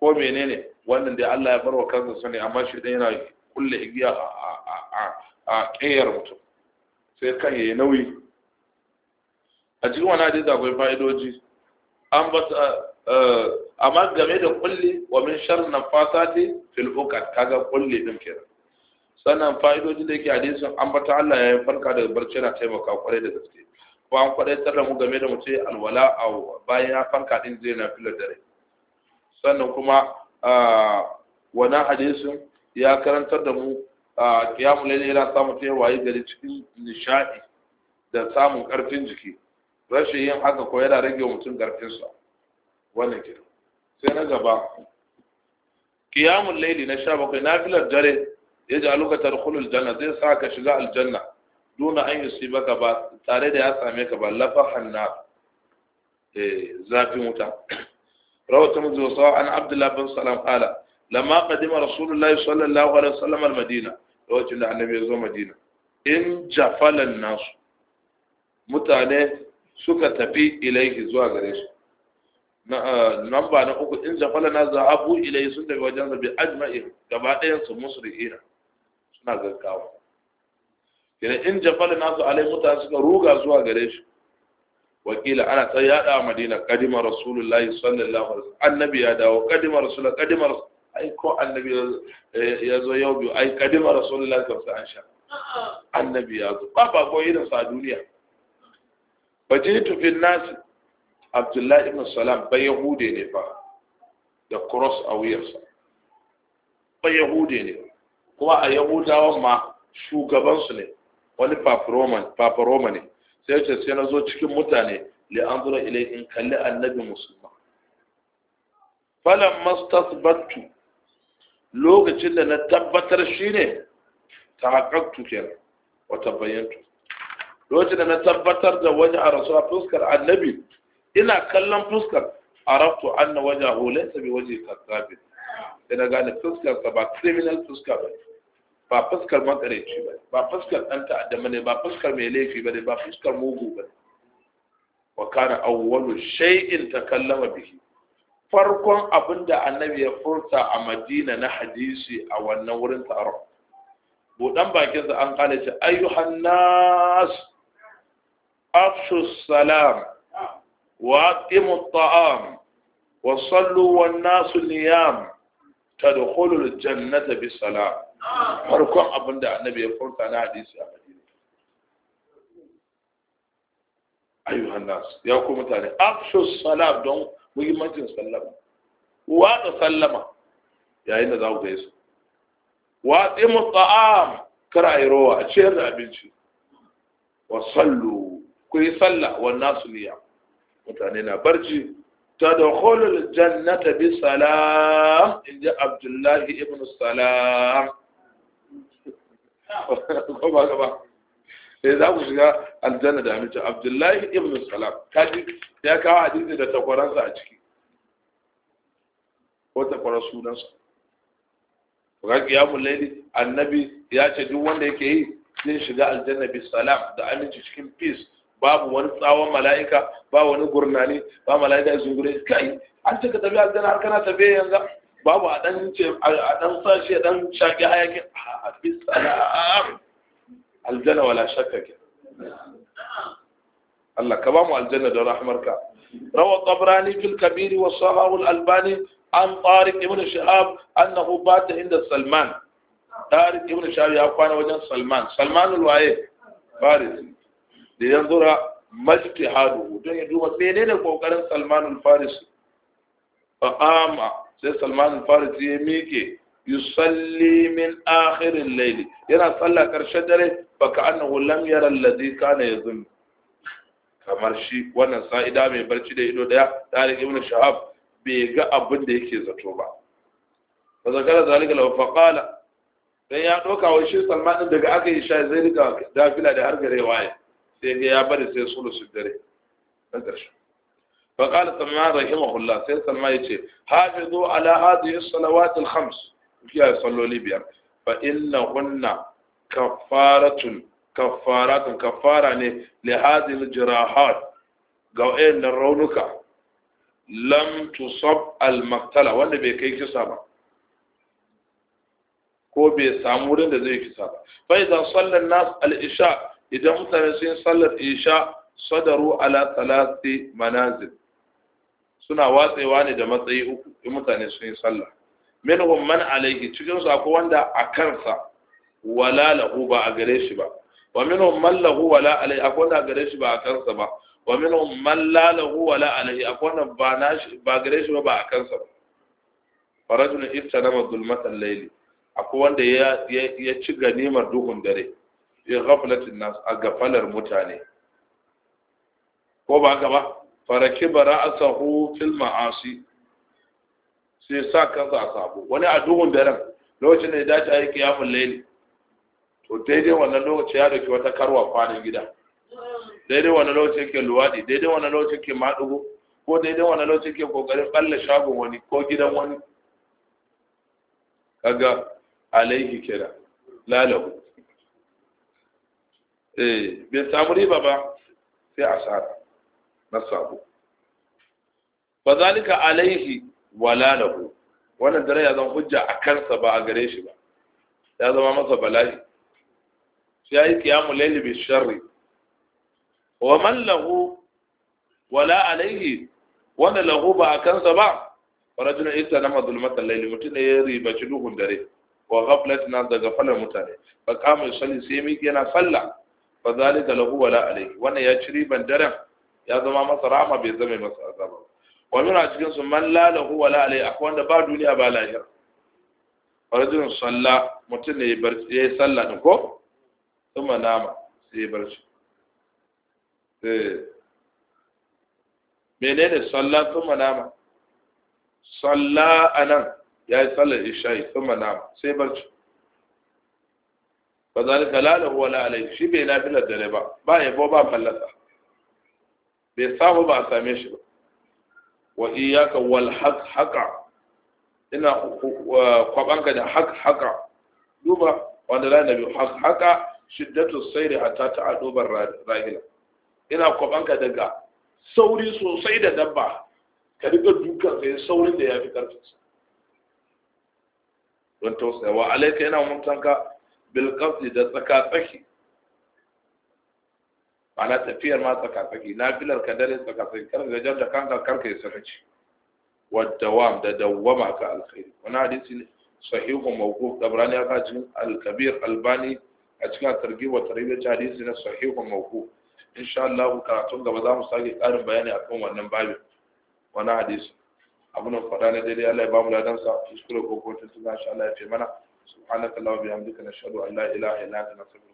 ko menene wannan dai Allah ya bar wa kansa sani amma shi dai yana kulle igiya a a ƙeyar mutum sai kan yayi nauyi a cikin wani hadisi akwai fa'idoji an ba eh, amma game da kulle wa min sharri nafasati fil uqad kaga kulle din kenan sannan fa'idoji da yake hadisin an bata Allah ya farka daga barci na taimaka kwarai da gaske ko an kwarai tarra mu game da mutum alwala a bayan ya farka din zai na filar dare sannan kuma Wani hadisin ya karantar da mu kiyamul layli yana samun ta yawaye gari cikin nishadi da samun karfin jiki rashin yin haka ko yana rage mutum karfinsa wannan ke sai na gaba kiyamun laili na sha bakwai na filar dare ya ji aluka tarkulu janna zai sa ka shiga aljanna duna an yi su baka ba tare da ya same ka ba lafa hanna eh, zafin wuta روى الترمذي وصححه عن عبد الله بن سلام قال لما قدم رسول الله صلى الله عليه وسلم المدينة lokacin da annabi ya zo madina in jafalan nasu mutane suka tafi ilaihi zuwa gare shi namba na uku in jafalan nasu za abu ilaihi sun tafi wajen zabi ajma'i gaba ɗayan su musri'ina suna gaggawa idan in jafalan nasu alai mutane suka ruga zuwa gare shi wakila ana ta yada a madina kadima rasulullahi sallallahu alaihi wasallam annabi ya dawo kadima rasulullah kadima rasul ai ko annabi eh, ya zo yau biyu ai kadima rasulullahi sallallahu alaihi wasallam annabi ya zo ba ba ko irin sa duniya bajitu fil nas abdullahi ibn salam bai yahude ne fa da cross a wuyarsa bai yahude ne kuma a yahudawan ma shugabansu ne wani paparoma ne sai ce sai na zo cikin mutane li anzura ilai in kalli annabi musulma falan mastasbattu lokacin da na tabbatar shine tahaqqaqtu kenan wa tabayyantu lokacin da na tabbatar da wani a rasuwa fuskar annabi ina kallon fuskar a an na waje a hulai bi waje kazzabin sai na gane fuskar ba criminal fuskar ba ba fuskar makareci ba ba fuskar ɗan ta'adda ba ba fuskar mai laifi ba ne ba fuskar mugu ba ne wa kana awwalu shay'in takallama bihi farkon abinda annabi ya furta a madina na hadisi a wannan wurin taron buɗan bakinsa an kala ce ayyuhan nas afshu salam wa aqimu ta'am wa sallu wan nasu niyam tadkhulu al-jannata bi salam farkon abin da annabi ya furta na hadisi a madina ayyuhan nas ya ku mutane afshu salam don muhimmancin sallama watsa sallama yayin da za ku gaisu watsi tsimu ta'am kar a yi rowa a ciyar da abinci wa sallu ku yi sallah wa nasu liya mutane na barci تدخل الجنة بسلام إن عبد Abdullahi Ibn Salam. Eh, za ku shiga aljanna da aminci abdullahi ibn salam kaji ya kawo hadisi da takwaransa a ciki ko takwarar sunansa ku ga kiyamun laili annabi ya ce duk wanda yake yi zai shiga aljanna bi salam da aminci cikin peace babu wani tsawon mala'ika ba wani gurnani ba mala'ika ya zungure kai an cika tafiya aljanna har kana tafiya yanzu babu a dan ce a dan sashi a dan shaki hayakin a bisalam aljanna wala shakka ke Allah ka ba mu aljanna da rahmarka rawa qabrani fil kabir wa sahahu al albani an tariq ibn shahab annahu bata inda salman tariq ibn shahab ya kwana wajen salman salman al waye farisi da zura majtihadu don ya duba menene kokarin salman al farisi fa ama sai salman al-farisi ya miƙe yusalli min akhirin laili. yana salla karshen dare baka annahu lam yara alladhi kana yazum kamar shi wannan sa'ida mai barci da ido daya tariq ibn shahab bai ga abin da yake zato ba fa zakara zalika law fa qala dan ya doka wa shi salman din daga aka yi sha zai rika dafila da har gare waye sai ga ya bari sai sulusu dare na karshe fa qala salman rahimahullah sai salman yace hafizu ala hadhihi as-salawat al-khams kiya salloli biyar fa innahunna kafaratun kafaratun kafara ne li hadhihi al-jirahat ga wayannan raunuka lam tusab al-maktala wanda bai kai kisa ba ko bai samu wurin da zai kisa ba fa idan sallan nas al-isha idan mutane sun sallar isha sadaru ala salati manazil suna watsewa ne da matsayi uku in mutane sun yi sallah minhum man alayhi cikin su akwai wanda a kansa wala lahu ba a gare shi ba wa minhum man lahu wala alayhi akwai wanda a gare shi ba a kansa ba wa minhum man la lahu wala alayhi akwai wanda ba shi ba gare shi ba ba a kansa ba farajun iftanama zulmata layli akwai wanda ya ya ci ganimar duhun dare ya ghaflatin nas a gafalar mutane ko ba haka ba faraki bara a sahu fil ma'asi sai sa kansa a sabo wani a duhun daren lokacin da ya dace a yi kiyamun laili to daidai wannan lokaci ya dauki wata karwa kwanan gida daidai wannan lokacin yake luwadi daidai wannan lokacin yake maɗugo ko daidai wannan lokacin yake kokarin ɓalla shagon wani ko gidan wani kaga alaihi kira lalahu eh bai samu riba ba sai asara na sabo fa zalika alaihi wala lahu wannan dare ya zama hujja a kansa ba a gare shi ba ya zama masa bala'i shi yayi qiyamu layli bi sharri wa man lahu wala alaihi wanda lahu ba a kansa ba rajulun istanama zulmatal layli mutum ya riba ribaci duhun dare wa ghaflat na daga falon mutane fa kama yusalli sai mi yana salla fa zalika lahu wala alaihi wannan ya ci riban ya zama masa rama bai zama masa azaba wa min a cikin su man la lahu wala alai akwai wanda ba duniya ba lahir rajulun salla mutum ne ya yi salla ne ko kuma nama sai ya barci eh. menene salla kuma nama salla anan ya yi sallar isha'i kuma nama sai barci ba zalika la lahu wa wala alai shi bai nafilar dare ba ba ya bo ba mallaka. bai samu ba a same shi ba wa iyaka wal haka ina uh, kwabanka da haka duba wanda la nabi haka shiddatu sayri hatta adubar rahila ina kwabanka daga sauri sosai da dabba ka riga dukan sai saurin da yafi karfin sa don tausaya wa alaika ina mutanka bil qasdi da tsaka tsaki ma'ana tafiyar ma tsakatsaki nafilar ka dare tsakatsaki kar ga jar da kanka kar ka yi sakaci والدوام ده دوامك على الخير وانا حديث cikin وموقوف Albani a cikin الباني اتكا ترغيب وترغيب hadisi ne وموقوف ان شاء الله karatun gaba za mu sake karin bayani akan wannan babin Wani hadisi abun fada ne daidai Allah ya bamu ladan sa kuskure ko ko tun insha Allah ya fi mana subhanaka allahumma bihamdika nashhadu an la ilaha illa anta nastaghfiruka